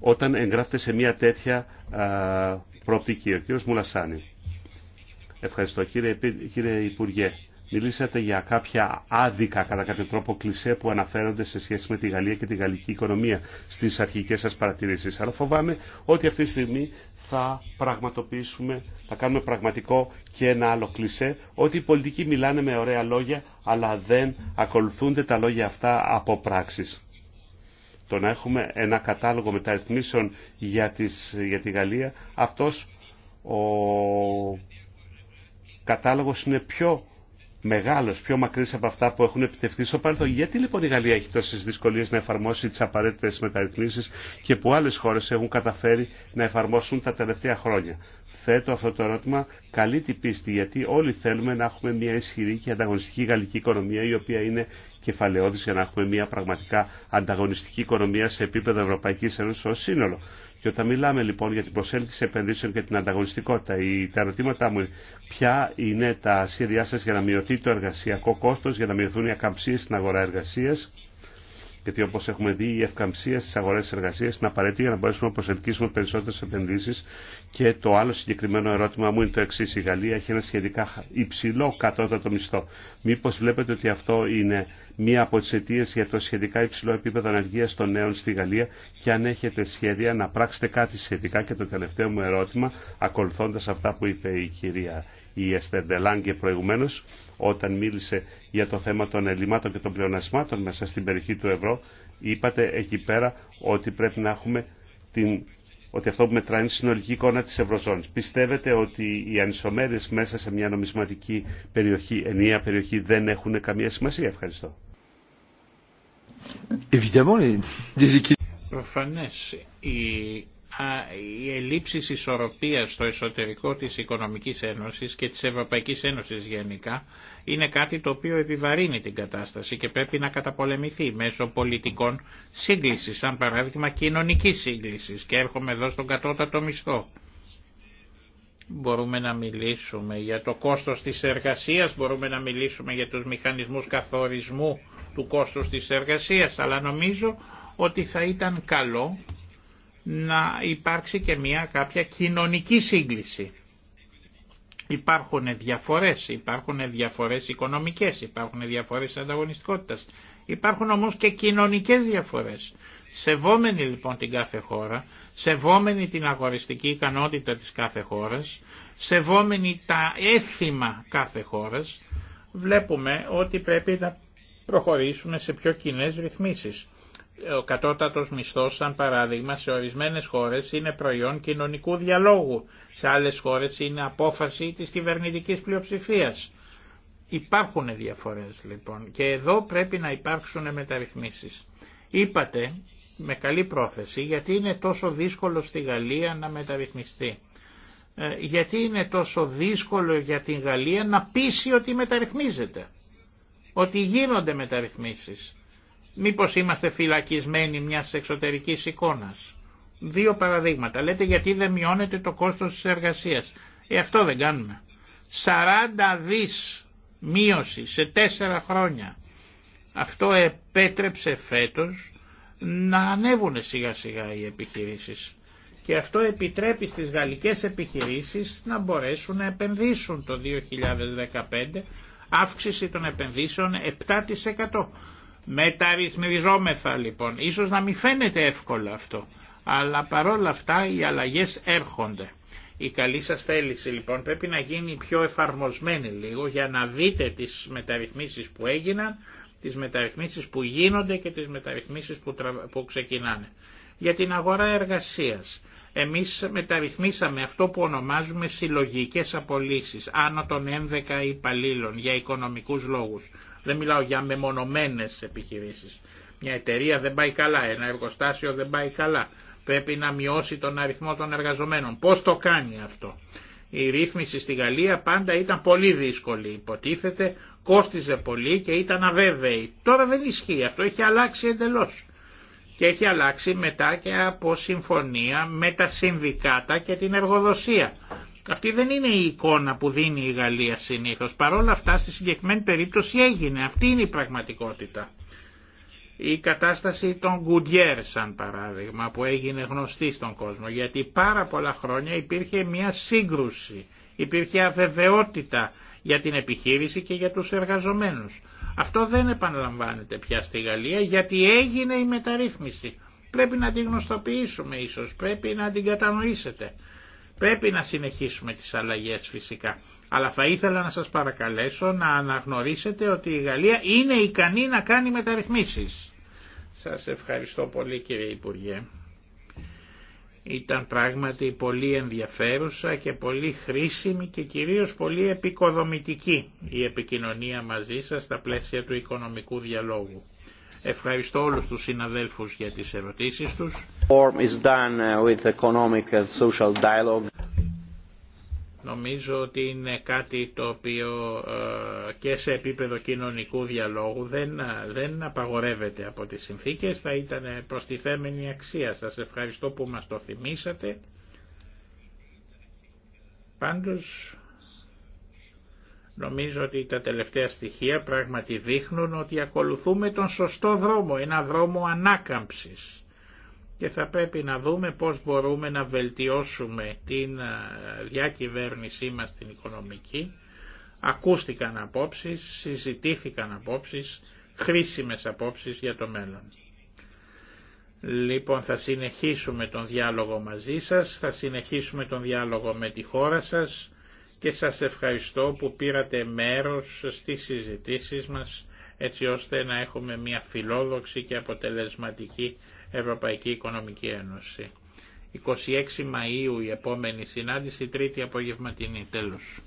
όταν εγγράφεται σε μια τέτοια προοπτική. Ο κύριος Μουλασάνη. Ευχαριστώ κύριε, κύριε Υπουργέ. Μιλήσατε για κάποια άδικα, κατά κάποιο τρόπο, κλισέ που αναφέρονται σε σχέση με τη Γαλλία και τη γαλλική οικονομία στις αρχικές σας παρατηρήσεις. Αλλά φοβάμαι ότι αυτή τη στιγμή θα πραγματοποιήσουμε, θα κάνουμε πραγματικό και ένα άλλο κλισέ, ότι οι πολιτικοί μιλάνε με ωραία λόγια, αλλά δεν ακολουθούνται τα λόγια αυτά από πράξεις το να έχουμε ένα κατάλογο μεταρρυθμίσεων για, τις, για τη Γαλλία, αυτός ο κατάλογος είναι πιο μεγάλος, πιο μακρύς από αυτά που έχουν επιτευχθεί στο παρελθόν. Γιατί λοιπόν η Γαλλία έχει τόσες δυσκολίες να εφαρμόσει τις απαραίτητες μεταρρυθμίσεις και που άλλες χώρες έχουν καταφέρει να εφαρμόσουν τα τελευταία χρόνια. Θέτω αυτό το ερώτημα καλή την πίστη γιατί όλοι θέλουμε να έχουμε μια ισχυρή και ανταγωνιστική γαλλική οικονομία η οποία είναι κεφαλαιώδης για να έχουμε μια πραγματικά ανταγωνιστική οικονομία σε επίπεδο Ευρωπαϊκής Ένωσης ως σύνολο. Και όταν μιλάμε λοιπόν για την προσέλκυση επενδύσεων και την ανταγωνιστικότητα, η, τα ερωτήματά μου ποια είναι τα σχέδιά σας για να μειωθεί το εργασιακό κόστος, για να μειωθούν οι ακαμψίες στην αγορά εργασία. Γιατί όπω έχουμε δει, η ευκαμψία στι αγορέ εργασία είναι απαραίτητη για να μπορέσουμε να προσελκύσουμε περισσότερε επενδύσει. Και το άλλο συγκεκριμένο ερώτημα μου είναι το εξή. Η Γαλλία έχει ένα σχετικά υψηλό κατώτατο μισθό. Μήπω βλέπετε ότι αυτό είναι μία από τι αιτίε για το σχετικά υψηλό επίπεδο ανεργία των νέων στη Γαλλία και αν έχετε σχέδια να πράξετε κάτι σχετικά. Και το τελευταίο μου ερώτημα, ακολουθώντα αυτά που είπε η κυρία η Εστέρ προηγουμένω, όταν μίλησε για το θέμα των ελλημάτων και των πλεονασμάτων μέσα στην περιοχή του ευρώ, είπατε εκεί πέρα ότι πρέπει να έχουμε την ότι αυτό που μετράει είναι η συνολική εικόνα της Ευρωζώνης. Πιστεύετε ότι οι ανισομέρειες μέσα σε μια νομισματική περιοχή, ενιαία περιοχή, δεν έχουν καμία σημασία. Ευχαριστώ. οι οι ελλείψεις ισορροπίας στο εσωτερικό της Οικονομικής Ένωσης και της Ευρωπαϊκής Ένωσης γενικά είναι κάτι το οποίο επιβαρύνει την κατάσταση και πρέπει να καταπολεμηθεί μέσω πολιτικών σύγκλησης, σαν παράδειγμα κοινωνικής σύγκλησης και έρχομαι εδώ στον κατώτατο μισθό. Μπορούμε να μιλήσουμε για το κόστος της εργασίας, μπορούμε να μιλήσουμε για τους μηχανισμούς καθορισμού του κόστους της εργασίας, αλλά νομίζω ότι θα ήταν καλό να υπάρξει και μια κάποια κοινωνική σύγκληση. Υπάρχουν διαφορές, υπάρχουν διαφορές οικονομικές, υπάρχουν διαφορές ανταγωνιστικότητας. Υπάρχουν όμως και κοινωνικές διαφορές. Σεβόμενοι λοιπόν την κάθε χώρα, σεβόμενοι την αγοριστική ικανότητα της κάθε χώρας, σεβόμενοι τα έθιμα κάθε χώρας, βλέπουμε ότι πρέπει να προχωρήσουμε σε πιο κοινέ ρυθμίσεις ο κατώτατος μισθός σαν παράδειγμα σε ορισμένες χώρες είναι προϊόν κοινωνικού διαλόγου, σε άλλες χώρες είναι απόφαση της κυβερνητικής πλειοψηφίας. Υπάρχουν διαφορές λοιπόν και εδώ πρέπει να υπάρξουν μεταρρυθμίσεις. Είπατε με καλή πρόθεση γιατί είναι τόσο δύσκολο στη Γαλλία να μεταρρυθμιστεί. Ε, γιατί είναι τόσο δύσκολο για την Γαλλία να πείσει ότι μεταρρυθμίζεται, ότι γίνονται μεταρρυθμίσεις. Μήπως είμαστε φυλακισμένοι μιας εξωτερικής εικόνας. Δύο παραδείγματα. Λέτε γιατί δεν μειώνεται το κόστος της εργασίας. Ε, αυτό δεν κάνουμε. 40 δις μείωση σε τέσσερα χρόνια. Αυτό επέτρεψε φέτος να ανέβουν σιγά σιγά οι επιχειρήσεις. Και αυτό επιτρέπει στις γαλλικές επιχειρήσεις να μπορέσουν να επενδύσουν το 2015 αύξηση των επενδύσεων 7%. Μεταρρυθμιζόμεθα λοιπόν. Ίσως να μην φαίνεται εύκολο αυτό. Αλλά παρόλα αυτά οι αλλαγές έρχονται. Η καλή σας θέληση λοιπόν πρέπει να γίνει πιο εφαρμοσμένη λίγο για να δείτε τις μεταρρυθμίσεις που έγιναν, τις μεταρρυθμίσεις που γίνονται και τις μεταρρυθμίσεις που, που ξεκινάνε. Για την αγορά εργασίας. Εμείς μεταρρυθμίσαμε αυτό που ονομάζουμε συλλογικές απολύσεις, άνω των 11 υπαλλήλων για οικονομικούς λόγους. Δεν μιλάω για μεμονωμένες επιχειρήσεις. Μια εταιρεία δεν πάει καλά, ένα εργοστάσιο δεν πάει καλά. Πρέπει να μειώσει τον αριθμό των εργαζομένων. Πώς το κάνει αυτό. Η ρύθμιση στη Γαλλία πάντα ήταν πολύ δύσκολη υποτίθεται, κόστιζε πολύ και ήταν αβέβαιη. Τώρα δεν ισχύει αυτό, έχει αλλάξει εντελώς. Και έχει αλλάξει μετά και από συμφωνία με τα συνδικάτα και την εργοδοσία. Αυτή δεν είναι η εικόνα που δίνει η Γαλλία συνήθως. Παρόλα αυτά στη συγκεκριμένη περίπτωση έγινε. Αυτή είναι η πραγματικότητα. Η κατάσταση των Γκουντιέρ σαν παράδειγμα που έγινε γνωστή στον κόσμο. Γιατί πάρα πολλά χρόνια υπήρχε μια σύγκρουση. Υπήρχε αβεβαιότητα για την επιχείρηση και για τους εργαζομένους. Αυτό δεν επαναλαμβάνεται πια στη Γαλλία γιατί έγινε η μεταρρύθμιση. Πρέπει να την γνωστοποιήσουμε ίσως, πρέπει να την κατανοήσετε. Πρέπει να συνεχίσουμε τις αλλαγές φυσικά. Αλλά θα ήθελα να σας παρακαλέσω να αναγνωρίσετε ότι η Γαλλία είναι ικανή να κάνει μεταρρυθμίσεις. Σας ευχαριστώ πολύ κύριε Υπουργέ. Ήταν πράγματι πολύ ενδιαφέρουσα και πολύ χρήσιμη και κυρίως πολύ επικοδομητική η επικοινωνία μαζί σας στα πλαίσια του οικονομικού διαλόγου. Ευχαριστώ όλους τους συναδέλφους για τις ερωτήσεις τους. Uh, Νομίζω ότι είναι κάτι το οποίο ε, και σε επίπεδο κοινωνικού διαλόγου δεν, ε, δεν απαγορεύεται από τις συνθήκες, θα ήταν προστιθέμενη αξία. Σας ευχαριστώ που μας το θυμήσατε. Πάντως Νομίζω ότι τα τελευταία στοιχεία πράγματι δείχνουν ότι ακολουθούμε τον σωστό δρόμο, ένα δρόμο ανάκαμψης. Και θα πρέπει να δούμε πώς μπορούμε να βελτιώσουμε την ε, διακυβέρνησή μας την οικονομική. Ακούστηκαν απόψεις, συζητήθηκαν απόψεις, χρήσιμες απόψεις για το μέλλον. Λοιπόν θα συνεχίσουμε τον διάλογο μαζί σας, θα συνεχίσουμε τον διάλογο με τη χώρα σας και σας ευχαριστώ που πήρατε μέρος στις συζητήσεις μας έτσι ώστε να έχουμε μια φιλόδοξη και αποτελεσματική Ευρωπαϊκή Οικονομική Ένωση. 26 Μαΐου η επόμενη συνάντηση, τρίτη απογευματινή. Τέλος.